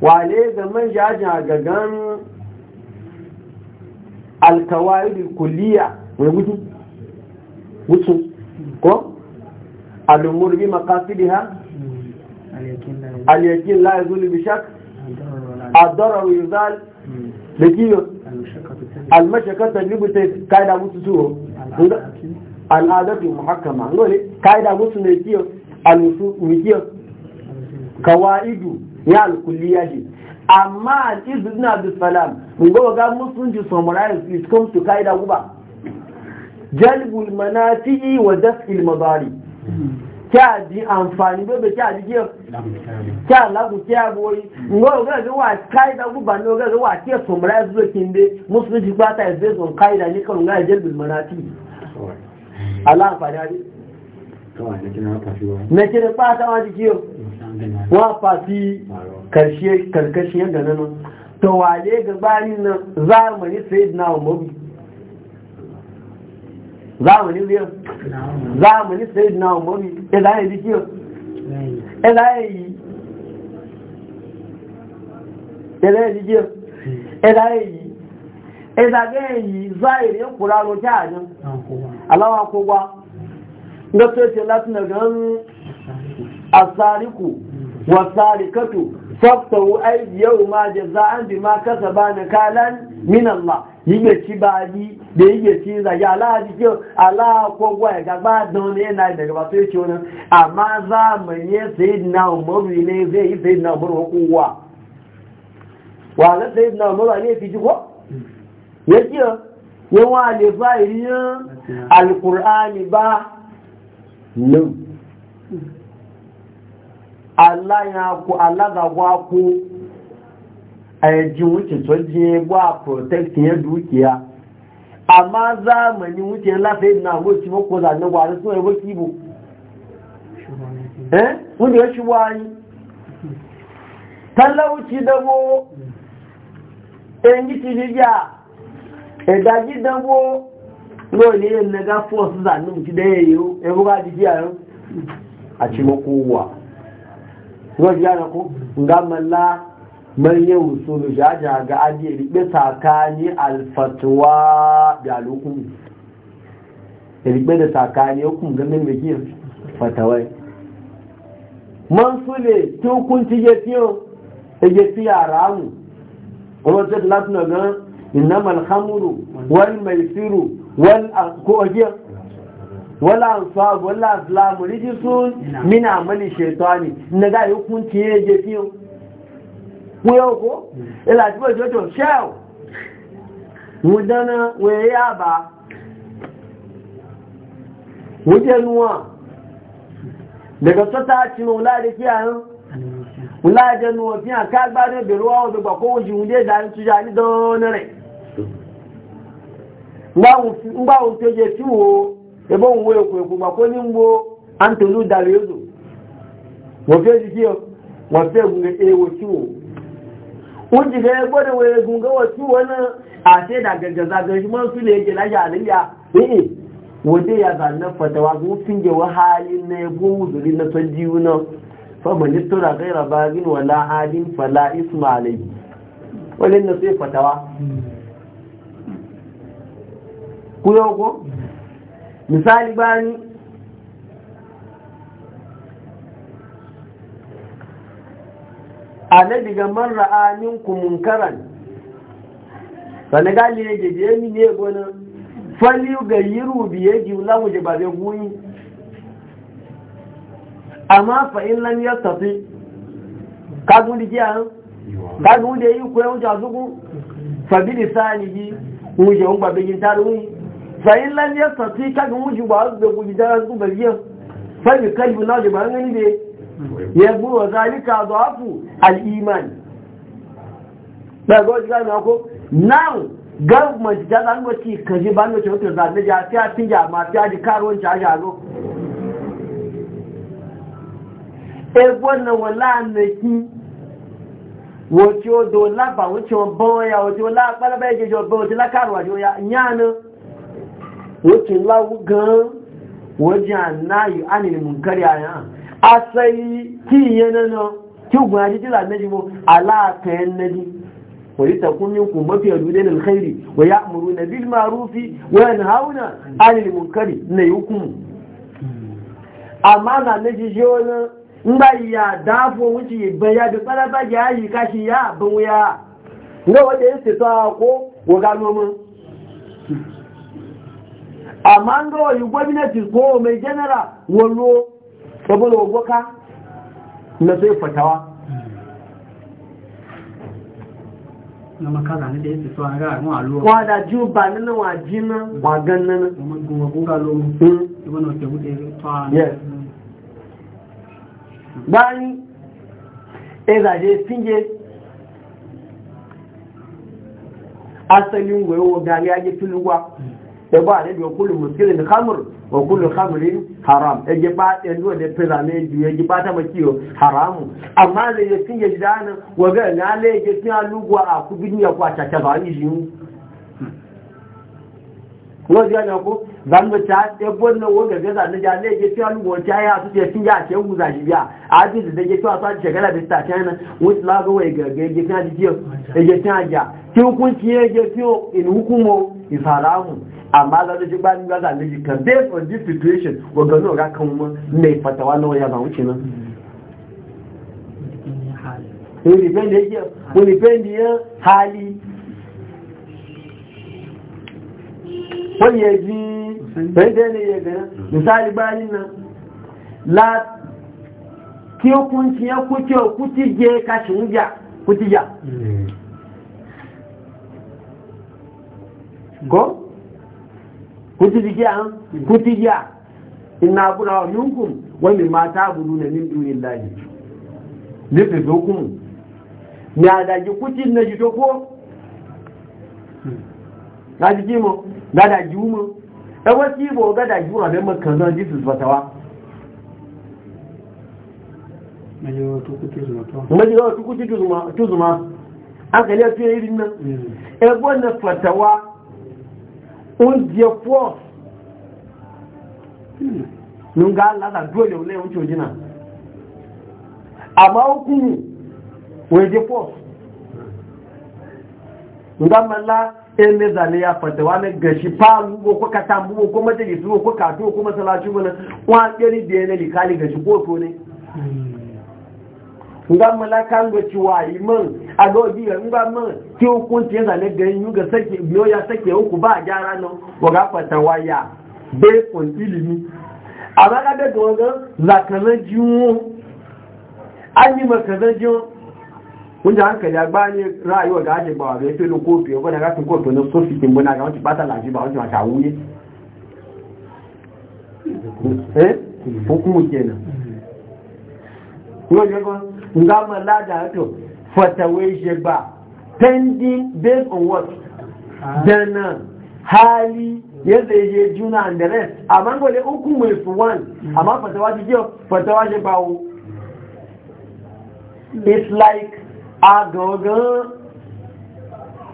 wale ga man jaja gagan alkawaid kulliya wai gudu wutu ko al-umur bi maqasidiha al-yaqin la yazul bi shak ad-darar yuzal hmm. lakiyo al-mashakata libu tay kaida mutu suwo al'adatu muhakkama ngole kaida musu ne kiyo alusu mikiyo kawaidu ya alkulliya ji. amma al'izu izz ibn salam ngo ga musulunci summarize it comes to kaida guba jalbul manafi'i wa daf'il madari a di amfani bebe kya di kiyo kya lagu kya boyi ngo ga ga wa kaida guba no ga ga wa kiyo a zo kinde musulunci ba ta is based on kaida ne kan ga jalbul Allah amfani hadi na kira fata wa jiki yau wa fati karshe karkashi yadda nan to wale gabanin nan zamani sai na umaru zamani zai zamani sai na umaru ila e ya jiki yau ila ya yi ila ya jiki yau e ila ya yi ila e ya yi zahiri ya kura roke a nan alawa ko na da ce yake latin da a asariku wa sarikatu sabta wa aiki yau ma da za an bi ma kasa ba na kalan min Allah yi ga ci ba a bi da yi ga ci za ya Allah ji ke Allah ko gwa ya gaba don yana na daga ba sai ce wannan amma za mu ne sai na umar ne zai yi sai na umar kuwa wa la sai na umar ne fi ji ko hmm. ya ci ya wa le bayi alkur'ani ba no Allah ya ku Allah ga wa ku ayajin wuce to je wa protect ya dukiya amma zamani wuce lafiya na wuce mako zanne gwari so ya wuce bu eh wanda ya shi wani talauci dabo en mm. giti jiya edaji dabo náà ní ẹnẹgá fọ́ọ̀sì zànú ti dẹ́yẹ yìí ẹwọ́ bá di díà rán àti mọ́kó wà wọ́n di ara kó nga mọ́lá mọ́lẹ́ òṣòlù ṣáájà àga adìẹ ìrìgbẹ́ sàká ní alfatuwa dàlókù fatawai ti wal'ansuwa wal'azlamu rijisun mina amali shetani na ga hukunci ya je ku kuyo ko? Hmm. ila ti ba jojo shell wudana wee ya ba nuwa daga sota ci ma wula da kiyayen wula da nuwa ka fiye a kagbadon beruwa wadda ba ko kowace wunde da hannun tuja ni don rai ngba oteje ti wo ebe òun wo èkó èkó gbà kó ní ń wo antonu dàrí èzò wọ́n fẹ́ di kí ọ wọ́n fẹ́ gun ewo tí wo ó ti na? gbọ́dọ̀ wo egun gọ́wọ́ tí wọ́n náà àti ẹ̀dà gẹ̀gẹ̀sà gẹ̀ẹ́sì mọ́ sí lè jẹ láyà àlẹ́yà ẹ̀yìn wọ́n dé na àná fọ̀tẹ̀wá kó fi ń jẹ wọ́n ha ismaili wọ́n kuyo misali bani annabi ga man ra'a minkum munkaran sanin gali ne jeje mi ne gona fali ga yi rubi ya ji lahu ba babe guyi amma fa in ya yastati ka gundi ji an ka gundi yi ko yau jazuku fa bi lisanihi mu je on babe yin tarwi fa'in lan ya sassi kaga wuji ba da guji da su bariyan fa'in kalbi na ji ba gani ne ya buwa zalika zafu al-iman da ga wajen gani ko nan government ta zan wace ka ji ban wace wata zane ja fiya fi ja ma fiya ji karuwan ja a zo e wannan wala na wacce wace o do la ba wace o bo ya wace o la balaba ya je jo bo wace la karuwa jo ya nyana wacin lagu gan wajen nayi anil munkari a yan asali ki yana na ki gwaji jira na jimo alaka yan naji ولتكن منكم مفيا يدين الخير ويأمرون بالمعروف وينهون عن المنكر نيكم أما نجي جونا ngba ya dafo wuce baya da tsara yi kashi ya bin wuya ga wanda ya ce ta ko wa amma an ga gwamnati ko mai janara wallo saboda wagwaka na sai fatawa na da so wa da ba nan wa jina wa gannan hmm. e je asalin wayo gari ya ji tuluwa hmm. da ba ne biyo kullu muskirin khamr wa kullu khamrin haram e ji ba ɗin duwa da fira ne ji ya ji ba ta makiyo haramu amma da ya tun ya ji dana wa ga na le ya tun ya lugwa a ku bin ya kwata ta ba ni jinu ko ji ana ko zan da ta e bonna wa ga ga zan da le ya tun ya lugwa ya su ce tun ya ce ku za ji biya a ji da ya tun a sa shagala da ta tana wuce la ga wai ga ga ya tun ya ji ya tun ya kí hukunci ya je fiye ó in hukumo is haramu amma za ji ba ni za ji kan based on this situation wa ga no ga kan mu ne fatawa na waya ba wuce nan wani yake, unipendi ya hali. Wani ya ji, bai zai ne ya gana, misali bayan nan, la kí ó kún tí ó kú tí ó kú tí jẹ́ káṣí ń jà, kú tí jà. ko kuti jiya kuti jiya inna buna minkum wa mimma ta'buduna min dunillahi nufi hukum ya da ji kuti na ji ko da ji mo da da ji mo da wasi bo ga da ji mo e da makan zan ji su fatawa majiwa tukuti zuma majiwa tukuti zuma zuma an kale fiye irin nan mm. e na fatawa oúnjẹ pọ̀ nígbà látà dúró lè oúnjẹ òjìnà àmá ókùnrin oúnjẹ pọ̀ nígbà mọ́lá ene zane ya fata wani gashi faru kata ko katambu ko ko majalisi ko kato ko ko na wani ɗari da yana gashi ko ne nga malakan da ciwayi man a gobi ya nga man ki hukunci yana ne da yin ga sake biyo ya sake uku ba gyara nan wa gafata waya bai kun ilimi a baka da gogo zakanan jiwo an yi makanan jiwo wanda hankali ya ba ne rayuwa ga ake bawa bai filo kofi ya bada gafin kofi na sofi kin buna ga wancan bata lafi ba wancan wata wuye eh hukumu kenan kuma ne ba nga mala da to Fata shi ba pending based on what dana hali yadda ya juna and the rest amma gole uku mai su one amma fata waje kiyo fata waje ba wo it's like a gangan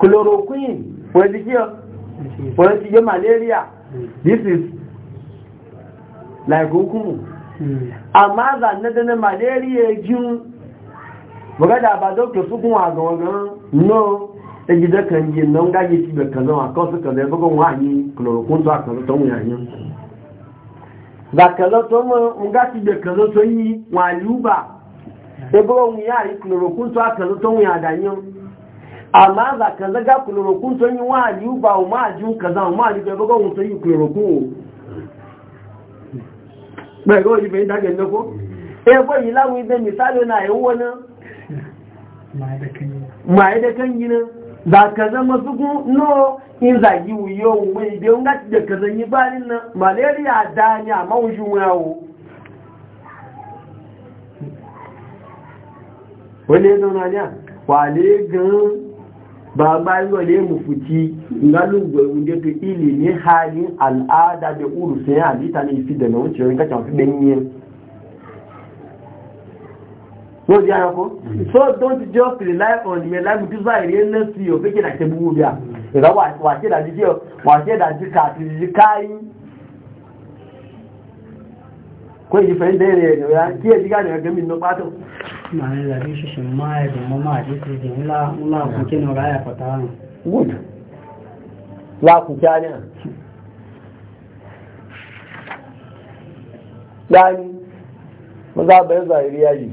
chloroquine wani kiyo wani kiyo malaria mm. this is like hukumu amma zanne da na malaria jin magada ba doctor su kuma ga wannan no da kan yi nan ga yi kan zama kan su kan zai bugun wani chloroquine to aka zata mu yayin da kaza to mu ga tibe kaza yi waluba e bugun yayi chloroquine to aka zata mu yayin amma za ka yi za ga maye da kan yi nan za ka zama su no in za yi wuyo mai da yau gaci da ka zanyi barin nan malaria da ni a mawujin yawo wani ya zauna ne kwale gan ba bayan wale mafuci ngalugbe wunde to ilimin halin al'ada da urusin halitta ne fi da na wuce wani kacin fi ɗanyen ló jẹ́ ẹranko so don't just rely on your life with israel yẹn lẹ́ sí o fẹ́kẹ́ ìdàkẹ́ gbogbo bí i ìrọ̀ wà ṣe ìdàjí díẹ̀ wà ṣe ìdàjí ká àti ìdí káyí kó èyí fẹ́ ń dẹ́rẹ̀ ẹ̀rọ ya kí èyí ká nìyàn gẹ́mì ní pátó Gbani, mo sábẹ̀ ìzà ìrí ayì.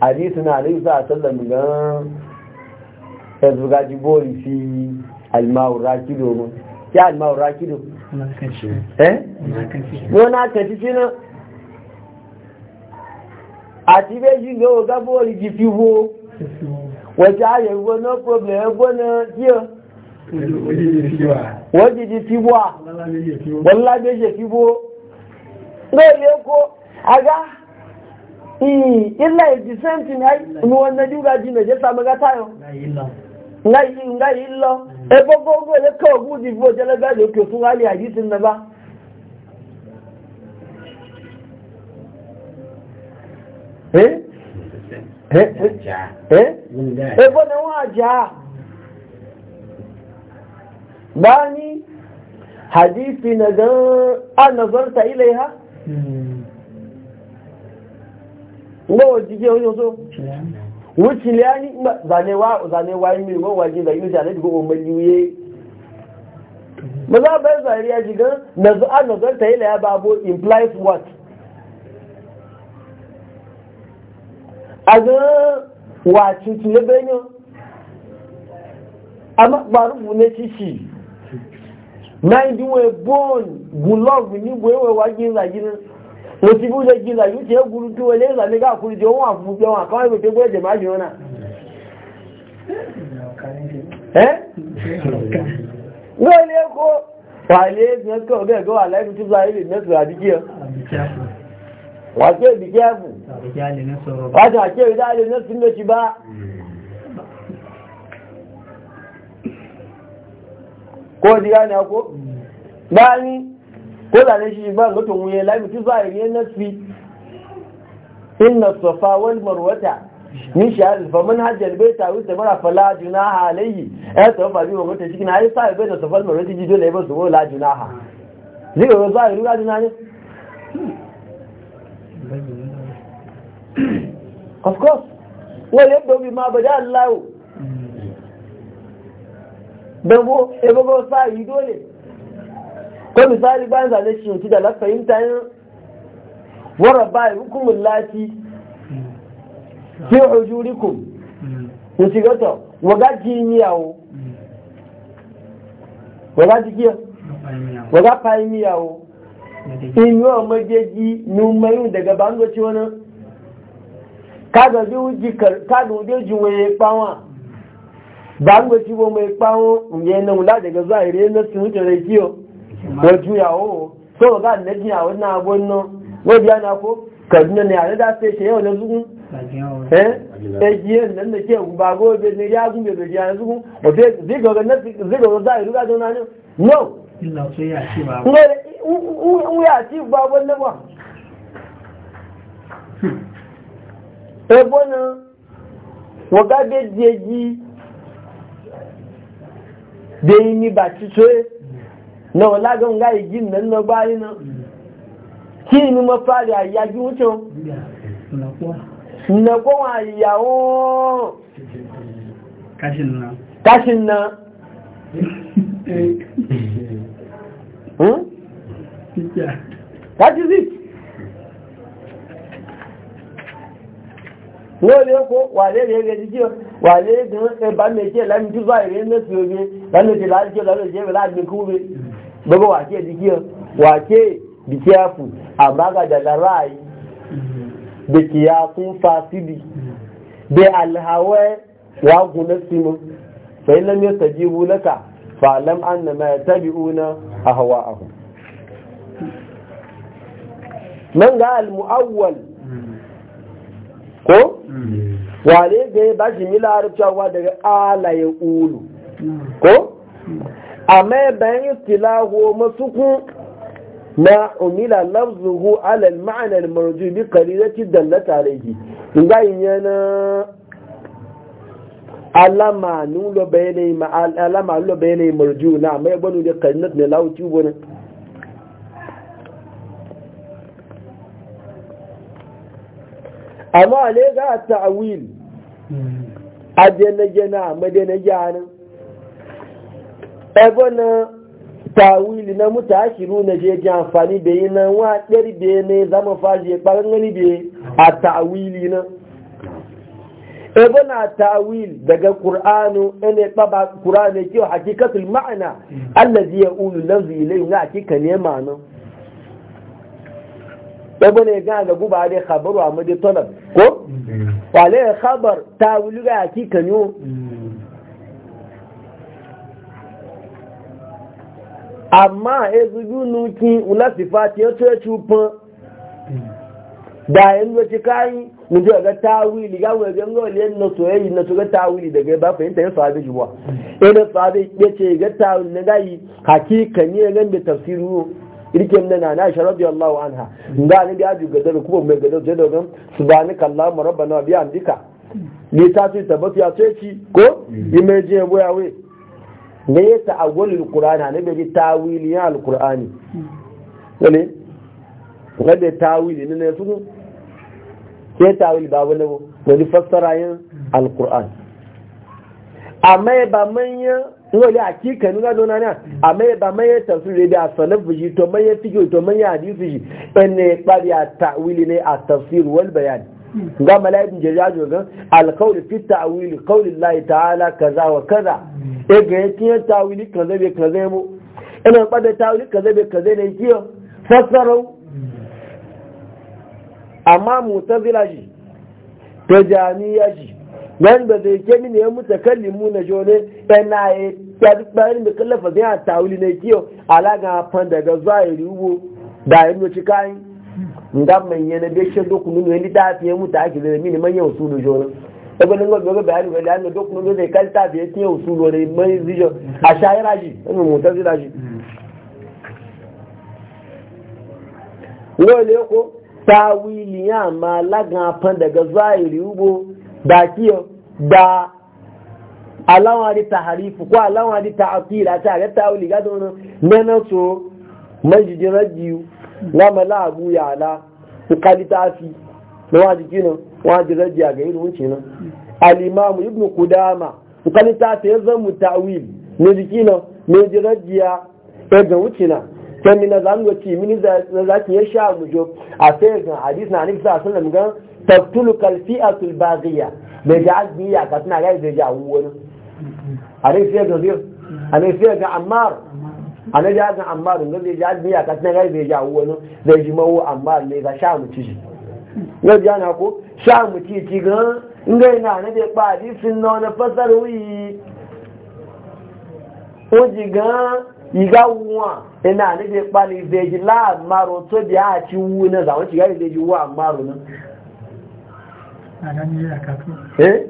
hadisi na alaihi sa sallam gan yanzu gaji bori fi almawar rakido mun ya almawar rakido eh wona ka ci na àti méjì ní o gábó ìjì fi wo wọ̀já àyẹ̀wò no problem ẹgbọ́n náà tí wọ́n jìjì fi wà wọ́n lábẹ́jẹ̀ fi wo ní kó agá Eh, illa ya ji sentin ai mu wannan juga ji je samu ga tayo ngai ngai illo e bogo go le ko gu di bo jele ga le ko eh eh eh bani hadisi na ga an ngawo jike wani so wuce liyani zanewa zanewa yi mai wawaje da yi jane ko mai yuye maza bai zari ya jigan na zu'a na zanta yi ya babo implies what a zan wacin tule benyo amma ba rufu ne cici na yi diwe bone gulog ni bo yi mo ti bú lè gílà yóò jẹ́ gúrú tí wọlé ìlànà ká kúrú jẹ́ wọ́n àfún jẹ́ wọn àkọ́wọ́ ìwé tó gbé ẹ̀jẹ̀ máa náà ẹ́ wọ́n lé kó wà lé ẹgbẹ̀kọ́ ọgẹ́gọ́ tí wọ́n lè mẹ́sù àdíkí ọ wà sí bá ní ko da ne shi ba mutum wuye lami tu zahiri na fi inna safa wal marwata min shahar fa man hajjal bai ta wuce mara fala junaha alayhi eh to fa bi wa mutum shi na yi sai bai da safa marwata ji dole ba su wo la junaha zai ga zahiri ga junaha ne of course wal yabdu bi ma bada Allah hmm. dan wo e ba ba sai dole ko misali bayan zane shi yanki da na fahimta yin wara bayan hukumin lati fi hujurikum in mm. shiga to waga jiniyawo waga jikiya waga yawo? in yi majeji numayin daga bangoci wani kaga uje juwe ya kpanwa bangoci wa mai kpanwo yi nan wula daga zuwa na sun wuce kiyo wọ́n júyàwó ga ọ̀gá nẹ́jìyàwó náà wọ́n náà wọ́n biya na ko kaduna ne a da sai shi yau na zugun eh sai shi yin nan da ke ba go be ne ya gumbe be ya zugun o be zigo ga nan zigo ga zai ruga don nan no illa sai ya ci ba ngore ya ci ba wannan ba e bona wo ga be jeji de ni ba ci so e. na wala ga nga yi nan na bayi nan. ki ni ma fari aya ji wucho na ko wa kashin na kashin na hmm, hmm? that is it wọ́n lè wà lè rẹ̀ rẹ̀ jíjẹ́ wà lè gan ẹbá méjì láti tí bá ìrẹ́ mẹ́sì omi lánàá ti láti jẹ́ lánàá jẹ́ ke wake wa ke bi kiyafu amma ga da larayi da kiyafun fasidi da alhawa wa gunasimu sai lam yastajibu laka fa lam anna ma yatabi'una ahwa'ahum man ga al muawwal ko wale da ba jimila mila daga ala ya ulu ko amma bayan istilahu masuku na umila lafzuhu alal ma'anar al-marju bi qalilati dallata alayhi ga yana alama nulo bayani ma alama nulo bayani marju na amma banu da qalinat ne lauti bonu amma ale ga ta'wil jena jana madena jana ebe na tawili na muta ashiru na je ji amfani da na wa ɗari da na zama faji ya ɓarin gani da a tawili na ebe na tawil daga ƙur'anu ene ɓaba ƙur'anu kyau hakikatul ma'ana Allah zai ya ulu lafzi ilai na hakika ne ma'ana ebe ya ga ga guba dai khabaru a madi talab ko mm. wale khabar tawili ga hakika ne amma ezugu nuki ulasi fati ya tuya cupan da yin wace kayi mutu ga tawili ga wani gan gawali yan na soyayyi na tuga tawili daga ba fahimta ya sabi juwa ina sabi ya ce ga tawili na gayi hakika ne ya gan da tafsiru irkin na na aisha radiyallahu anha da ni da ju gadar kuma mai gadar je da gan subhanaka allahumma rabbana wa bihamdika ni ta su tabbata ya ce ko yi mm. mai je boyawe ne ya ta'awwalul qur'ana ne bai tawili ya alqur'ani wale ne bai tawili ne ne su ke tawili babu ne bo ne fassara yin alqur'ani amma ba manya wale hakika nuna dona ne amma ba manya tafsiri da salafu ji to manya fiqh to manya hadisi ji ne kariya tawili ne a tafsir wal bayani ga malaibin jajajo ga a fi ta'wili qauli Allah ta'ala kaza wa kaza e ga yake ta'wili kaza be kaza mu ina e bada ta'wili kaza be kaza ne kiyo fassarau amma mutazila ji ya ji nan da zai ke mini ya mutakallimu na jone yana e ya duk bayan da kallafa zai ta'wili ne kiyo alaga fan daga zahiri ubo da yanzu ci kayan nga manye na be she dokunu ne ni dafi mu ta ake da mini manye usulu jono ebe ningo gogo bayani wele an dokunu ne kai ta be tiye usulu ne mai zijo a shaira ji mu mutazila ji wole ko tawili ya ma lagan pan daga zahiri ubo da kiyo da alawan adi taharifu ko alawan adi ta'til a ta ga tawili ga dono nana so majidin rajiyu gama la'abu yala ala kali tafi na waji kino waji rajiya ga irin wuce nan al-imam ibn qudama kalita fi ya zama ta'wil ne jikino ne ji rajiya ga wuce nan sai mina zan wace mini na zaki ya sha mujo a sai ga hadis na annabi sallallahu alaihi wasallam ga taqtulu kal fi'atul baghiya da ya ka tana ga da ja'u wani a sai ga zir a sai ga ammar ana ja ga amma dun ga ja biya ka tana ga ja wani zai ji mawo amma ne ga sha mu ja na ko sha mu ga ina na ba di sun no na fasar wi o ji ga wuwa ina na ba ni zai ji la to a ci wu na za wani ga zai ji na ni ya ka to eh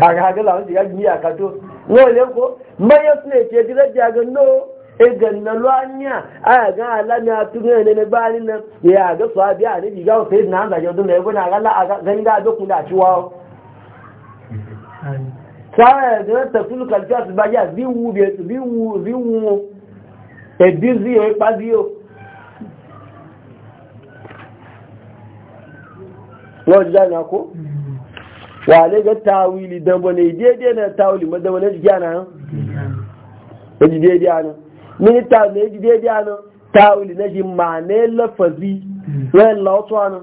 ana ka ga la wọ́n lè kó mọ́yẹ́ fún ètò ìdílé di àgbẹ̀ náà egan na luwanya aya ga alami a turu ne ne ya ga su abi a ne biga na e an zaje dun ne gona galla a ga ga da kun da ciwa sai ga ta fulu ba biwu ziwu, edizi e dizi e pazio lọ́jọ́ dáná wale ga tawili dan bane daidai na tawili ma da wani jiki ya na ji daidai ana mini ta ne ji daidai ana tawili na ji ma ne lafazi wani lauto ana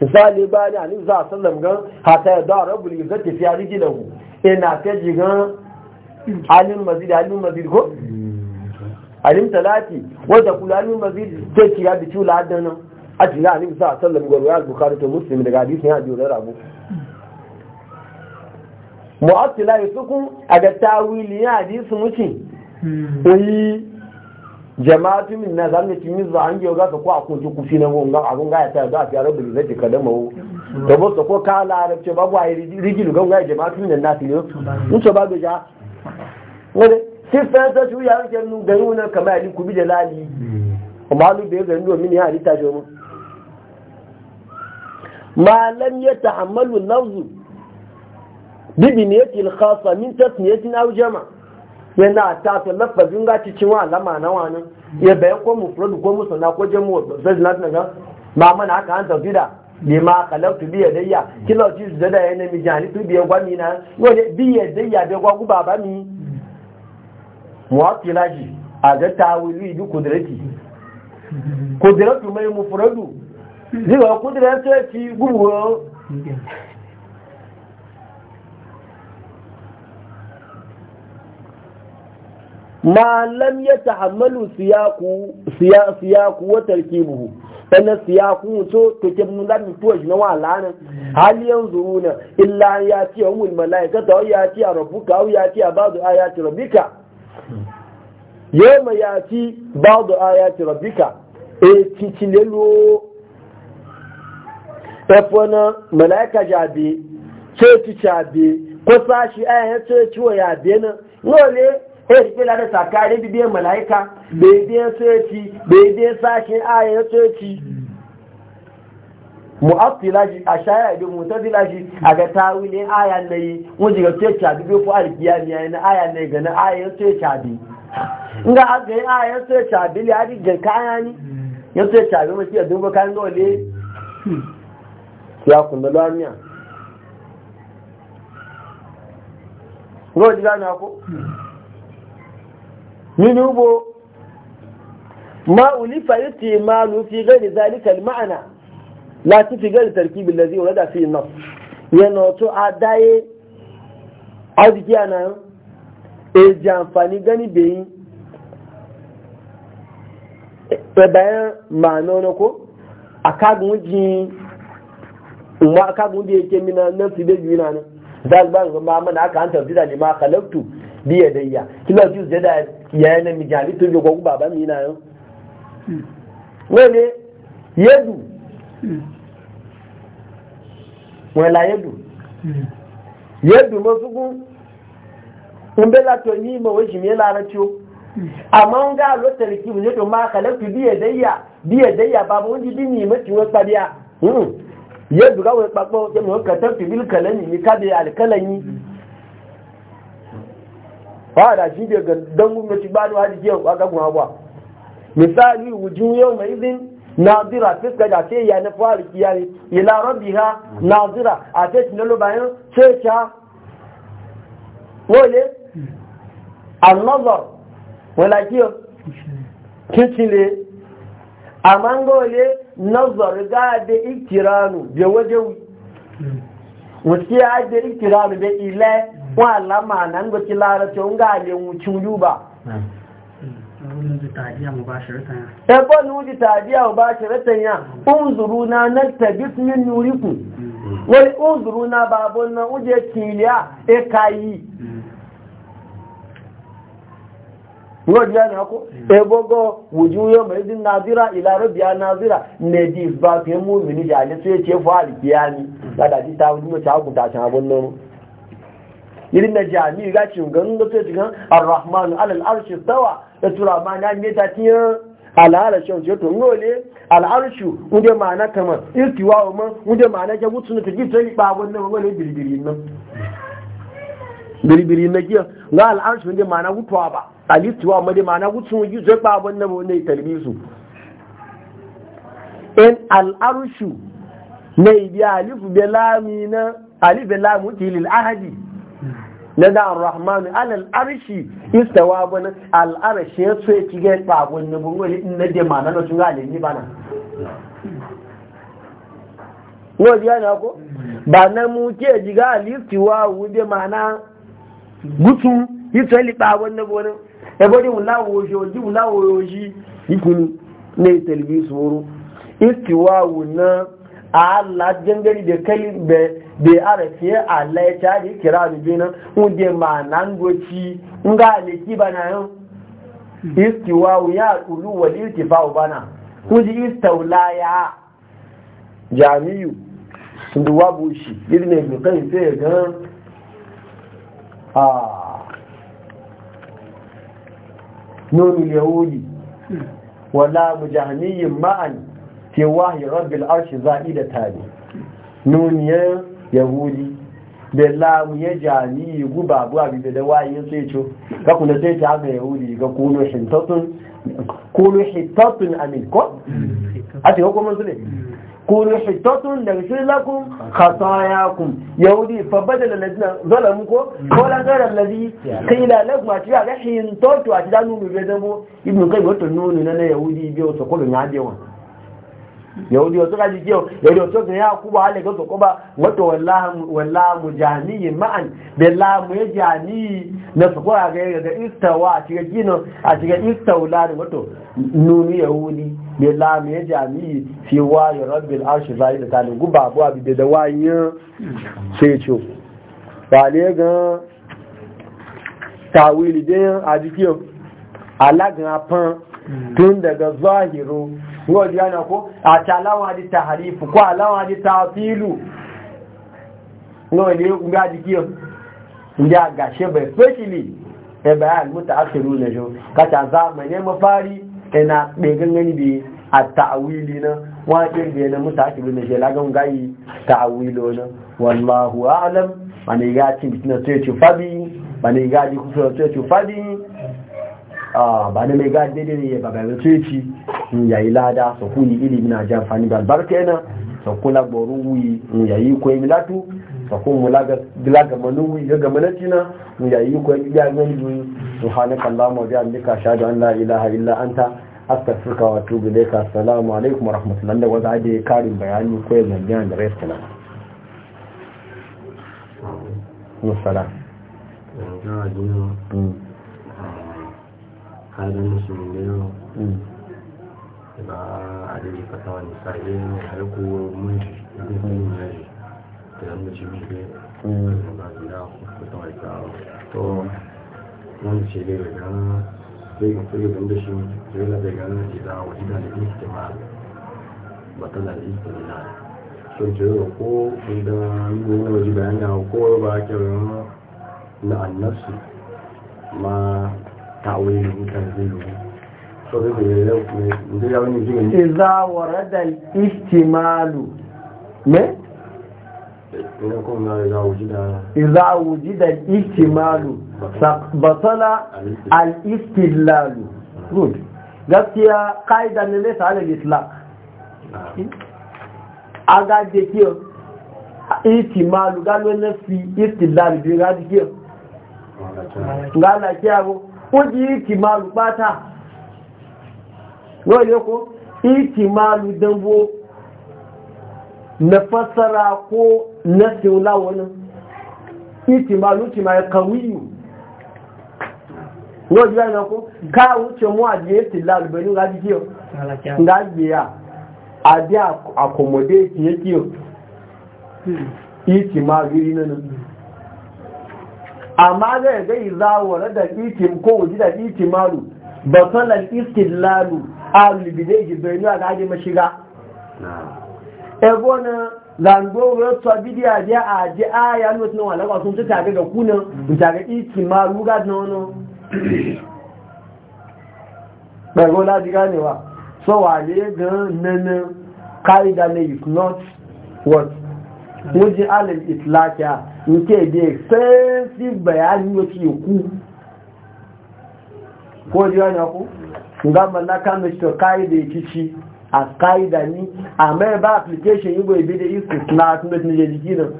misali ba ni alim za a sallam gan hata ya da rabu ne zai tafiya rigi da ku ina ta ji gan alim mazid halin mazid ko halin talati wadda kula halin mazid ta ci ya bi ciwo la'adana a cikin alim za a sallam gwarwa ya bukari ta muslim daga hadisun ya biyu da rabu mu'attila yusukun a da tawili ya hadisu mutum hmm. oyi jama'atu min na zamu ci mizu an yi ga ko a ko ji kufi na gonga abun ga ya ta da fi arabu hmm. da take da mawo to bo ko ka la arabce babu ai rigilu gonga jama'atu min na fi yo mun to babu ja wale sifan ta ju ya nu garu na kama ali kubi da hmm. ta ma lam yata'ammalu lafzu Bibi bibiniyati al-khassa min tasniyatin aw jama' yana ta to lafazin ga cikin wa alama na wani ya bayan ko mufrad ko musanna ko jamu sai na ga ma mana haka an tafida bi ma khalaqtu bi yadayya kila ji zada ya ne mi jani tu bi gwa mi na wale bi yadayya da gwa ku baba mi muwakilaji a ga tawili bi kudrati kudratu mai mufradu zai ga ya ci gubu ma lam ya tahammalu siyaku siyaku wa tarkibuhu sannan siyaku to to ke mun da mu tuwa na walana hal yanzuruna illa ya ti umul malaikata wa ya ti rabbuka wa ya ti ba'du ayati rabbika yawma ya ti ba'du ayati rabbika e titilelo tafona malaika jabi ce ci jabi ko sashi ayan ce ciwo ya bena lole ebe lada ndị bibiyar mala'ika daidai soci daidai sashen ayyar soci mu'affilaji a shaya ibi ji a ga tawilin aya na yi wunji ga soci abi bai fuwa alkiyami yayi na aya na ga na ayyar soci abi nga aga yi ayyar soci abi ne ari ga kaya ni ya soci abi mafi a dubu kayan dole ya kunda lamiya Ngo jira na ko? minubo ma ulifa yake malu fi gani zalikal ma'ana la fi gani tarkibin lazi wa rada fi nan yana to a daye arziki a nan e ji amfani gani bayi e bayan ma nono ko a kagun wujin umar kagun da yake mina nan su bai yi na nan zalban ga ma'amana aka hantar jida ne ma kalaktu biya da iya kila ju zeda ya yana mi jali to jogo baba mi na yo wele yedu wela yedu yedu mo sugu umbela to ni mo wo la na tio amma nga lo tariki mu to ma kala tu biya da iya biya da iya baba wonji bi ni mo ti wo padia yedu ga wo papo je mo ka tafi ba da shi da ga dan gwamnati ba da wani jiyan ba ga kuma ba misali wujun yau mai izin nazira fiska da ce ya na fari kiyari ila rabbiha nazira a ce shi na bayan ce ta wole annazar wala kiyo kicile amma gole nazar ga da ikiranu da wajen wuce ya da ikiranu da ila wa lama nan ba ki larabci wani ga ebe ba shi ratan ya unzuru na nan tabis min nuriku wani unzuru na babon nan uje kiliya e kayi Rọ́dí ya ni ọkú, ẹgbọ́gọ́ wùjú yóò mẹ́rin dín Nàzírà ìlàrọ̀bí ya Nàzírà nẹ̀dí ìfẹ́ mú mi níjà ní tí ó ṣe fọ́ àrìkí ya ni, ládàjí ta onímọ̀ ṣàgùntà ṣàgbọ́n lọ́rùn. irin na jami'i ga cin ganin da sai cikin ar-rahman alal arshi tawa da tura ma na ne ta tiya alala shi je to ngole al arshu unde na kamar istiwa wa ma unde mana ke mutun ta gita yi ba wannan wani birbiri nan birbiri na giya ga al arshu unde na wutuwa ba al istiwa ma de na gutun yi je ba wannan wani talbisu in al arshu ne bi alifu bi lamina alifu bi lamu tilil ahadi na da arrahmanu alal arshi istawa bana al arshi ya so ki ga babun ne bungo na de mana na tun ga ni bana no dia na ko ba na mu ke ji ga alistiwa wu de mana gutu yito li babun e ne bonin e bodi wula wojo di wula woji ikuni ne telbisu wuru istiwa wu na Allah jangari da kalin bai arafiye Allah ya tari kira da binan unde ma nan goci in ga aliki bana yau istiwa ya kulu wal irtifa bana kuji istaula ya jami'u duwa bushi ibn ibn kai sai ga ah nun yahudi wala mujahmiyin ma'an ke ya rabbil arshi za'ida tani nun ya yahudi da lamu ya jami guba buwa bi da wayi sai ce ka kuna sai ta ga yahudi ga kunu hintatun kuno hintatun amin ko a ce hukumar su ne kunu hintatun da shi lakum khatayakum yahudi fa badala ladina zalamu ko ko la gara ladhi qila lakum a ga hintatu a ci da nunu be damo ibnu kai wato nunu na yahudi biyo to kullu na biyo yahudi wasu kaji kiyo yahudi wasu kan ya kuba hali ga su kuba wato walla mu jami'i ma'an la mu ya jami'i na su kuwa ga ga istawa a cikin gino a cikin istawa da wato nuni yahudi la mu ya jami'i fi wayo ya rabbil arshi zai da talin guba abuwa bi da wayan ce ce wale ga tawili dai a jikin alagun afan tun daga zahiru yóò di ọ̀nà kó àti ko àti tààrífù kó aláwọn àti tààfíìlù náà lè gbé àdìkí ndị a gashe bai especially ebe ya almuta akhiru na jo kacha zamanin mafari ina e ɗegan gani bi a ta'awili na wajen da na muta akhiru na jo lagan gayi ta'awilo na wallahu a'lam bani ga ci bitina sai ci fabi bani ga ji kusura sai ci fabi Ah, ba na mai gaji daidai ne ba ga ceci ci yayi lada su kuni ilimi na jan fani ba albarka yana su kula borun wuyi yayi koyi milatu su kuma mulaga dilaga manu wuyi ga gamanati na yayi koyi ya gani duyi kalla ma wa bihamdika ashhadu an la ilaha illa anta suka wato atubu ka salamu alaikum wa rahmatullahi da wata ajiye karin bayani kwaye yanzu da rest na musala Mm. halin musulmi mm. ba a da ne fata wani sa'e ne harko mulki da mm. kuma yaji da zama jimi ne ba su da fata wani sa'awa to nan ce dai daga da ga tsaye don da shi zai na da nan ce da wani da ne ke ma ba ta da isi ne da sun ce da ko da nuna waje bayani ko ba kyau na annarsu ma ta'awilu tanzilu إذا ورد الاحتمال ما؟ إذا وجد الاحتمال بطل الاستدلال good gaskiya ƙa'idar ne nesa ala itlaq a ga da ke itimalu galo na fi istidlal biyu ga da ko oji itimalu pata wani iti itimalu dambo na fassara ko na siula wani itimalu itimalu kawiyu wani ko, ka wuce mu a jiye tilalu bai nuna jikiyo ga jiya a biya akomode hmm. iti yake itimalu iri nanan amma zai zai zawara da itim ko waje da maru, ba sanar istilalu a libide jibirin a gaji mashiga egona zango rotsa bidiya je a je a ya nuna tunan walakwa sun ci tare da kunan tare itimaru ga nono ɓago lati ganewa so waje gan nanan ka'ida ne if not wajen alal itlaka nke da extensive bayani wata ku? ko ji wani ku na kama mai to kaida ya kici a kaida ni a mai ba application yi bai da iska na tun da tunje jiki nan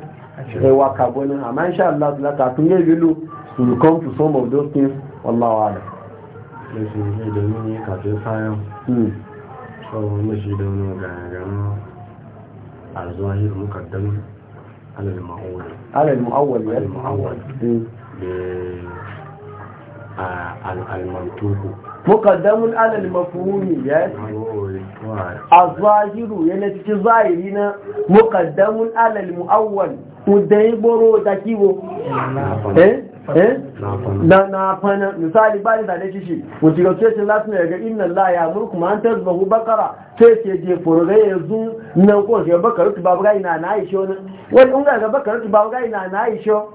sai wa kagonin amma sha Allah ta ka tun yi bilo to come to some of those things wallahu a'lam ne da ni kafin sayan hmm. so mashi da wani gana mu, a zuwa hirin mukaddami على المؤول على المؤول على المعول المنطوق مقدم على المفهوم يا الظاهر ينتج ظاهرنا مقدم على المؤول ودايبرو برو ايه Eh? na na fana misali ba ni zane kishi wuce ga ce ce lati ga inna la ya mulku kuma an tazbahu bakara ce ce je foroga yanzu nan ko shi bakara tu babu gai na na yi sho ne wani unga ga bakara tu babu gai na na yi sho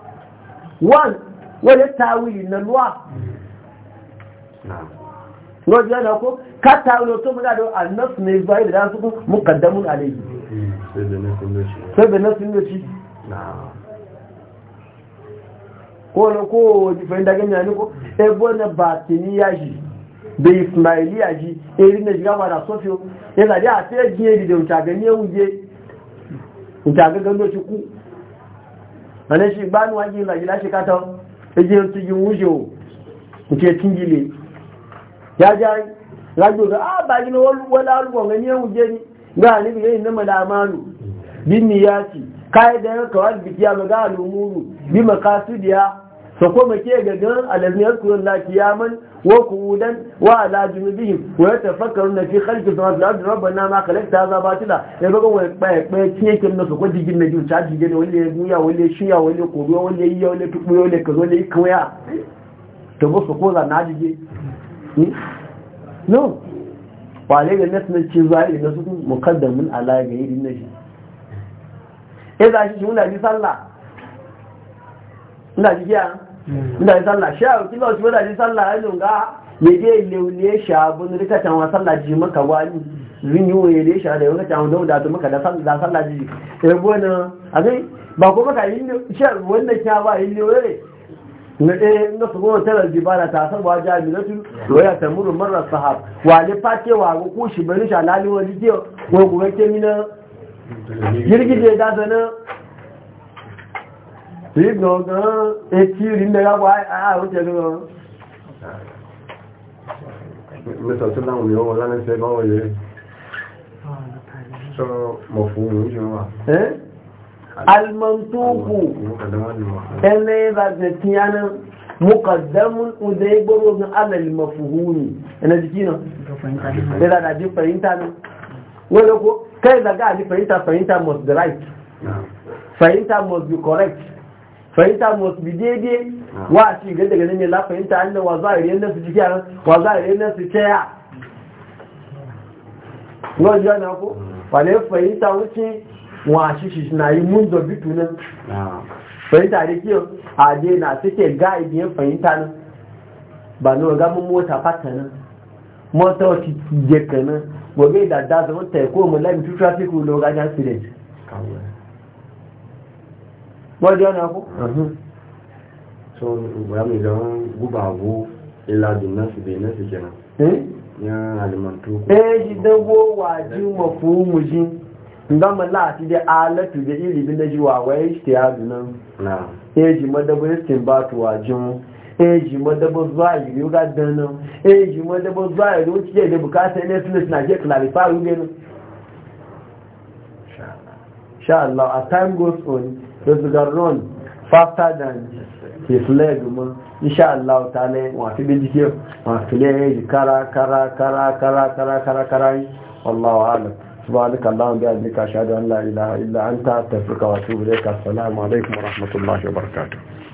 wan wani tawili na luwa no ji yana ko ka tawili to mu da annas ne zuwa da su mukaddamun alayhi mm, sai da nasu ne shi sai da nasu da shi na'am wani kowa fahimta ganya ne ko ebo na batini ya shi da ismaili ya shi ah, eri na shiga fara sofiyo ya zaɗi a sai jiye da wutaga ne wuje wutaga gano shi ku wani shi ba ni wajen zaɗi lashe kata ejiye su yi wuje o nke tingile ya ja rajo ga a ba gina wala alwon gani ya wuje ni ga ni bi yayin na malamanu bin niyati kai da kawai bikiya ga al'umuru bi makasidiya so ko muke gagan alazni yadhkuru la qiyaman wa qu'udan wa ala junubihim wa yatafakkaruna fi khalqi samawati wal ardi rabbana ma khalaqta hadha batila ya bago wa pa pa tiye kin no so ko digin na ju ta digin wale muya wale shiya wale kodo wale yiya wale tukku wale kazo wale kawaya to bo so ko za na dige hmm? no wale ga nas na ci zai na su muqaddamun ala ga yidin na shi eh da shi shi mun da sallah ina jiya ina sallah sha ki lo shi da sallah ai lunga me je leule sha bun rika sallah ji maka wani da yau ta da to maka da sallah sallah ji eh bona akai ba ko maka a sha wanda kya ba yin leure na ɗaya eh, na su goma tarar jibala ta ta muru marar sahab wa ne fate wa ga ko shi bari sha lali wani ke ko girgije da sí gangan etí rí mẹ́ra wá àárúnjẹ lọ́rọ̀ mẹ́sàn tó láwọn ìyọ́wọ́ lánẹ́sẹ̀ báwọn yẹ́ sọ mọ̀ fún òun jù wà almantuku ẹnẹ́ ìbàzẹ̀ tí a náà mukaddamun udai gbogbo na alal mafuhuni ẹnà jiki na ẹ̀dà dàjí fahimta na wọ́n lọ́kọ́ kai must be correct fahimta musu bi daidai ah. wa a ci daga nan ne la fahimta an da wa za a yi nan su ciki wa za a yi nan su caya wọ́n jẹ́ ọ̀nà kó pàdé fahimta wuce wa shi na yi mun da bitu nan ah. fahimta da kiyo a je na suke ga ibiyan fahimta nan ba nawa ga mun mota fata nan mota wata je kanan gobe da da zama taiko mu lami tu traffic lo ga accident kawai wọ́n jẹ́ ọ̀nà ọkú. Mhm. so ìgbà mi lọ gúbà wo ìlàdùn náà sì bèèrè náà sì jẹ́ náà eh? ní alìmọ̀tò. èyí eh, dánwó wà jí mọ̀ fún mu jí ngama láti dé yi dé ìlìbí náà Na. wà wáyé ṣe àdùn náà. èyí mọ́dọ́gbọ́ ẹ̀sìn bá tó wà jí wọn. eji madaba zuwa iri ga dana eji madaba zuwa da bukata ne na je sha Allah a time goes on su garnon faster than his leg insha Allah ta ne wasu bincike wasu ne kara kara kara kara kara kara kara yi wallahu alam سبحانك اللهم بأذنك أشهد أن لا إله إلا أنت أتفرك وأتوب إليك alaikum عليكم ورحمة الله وبركاته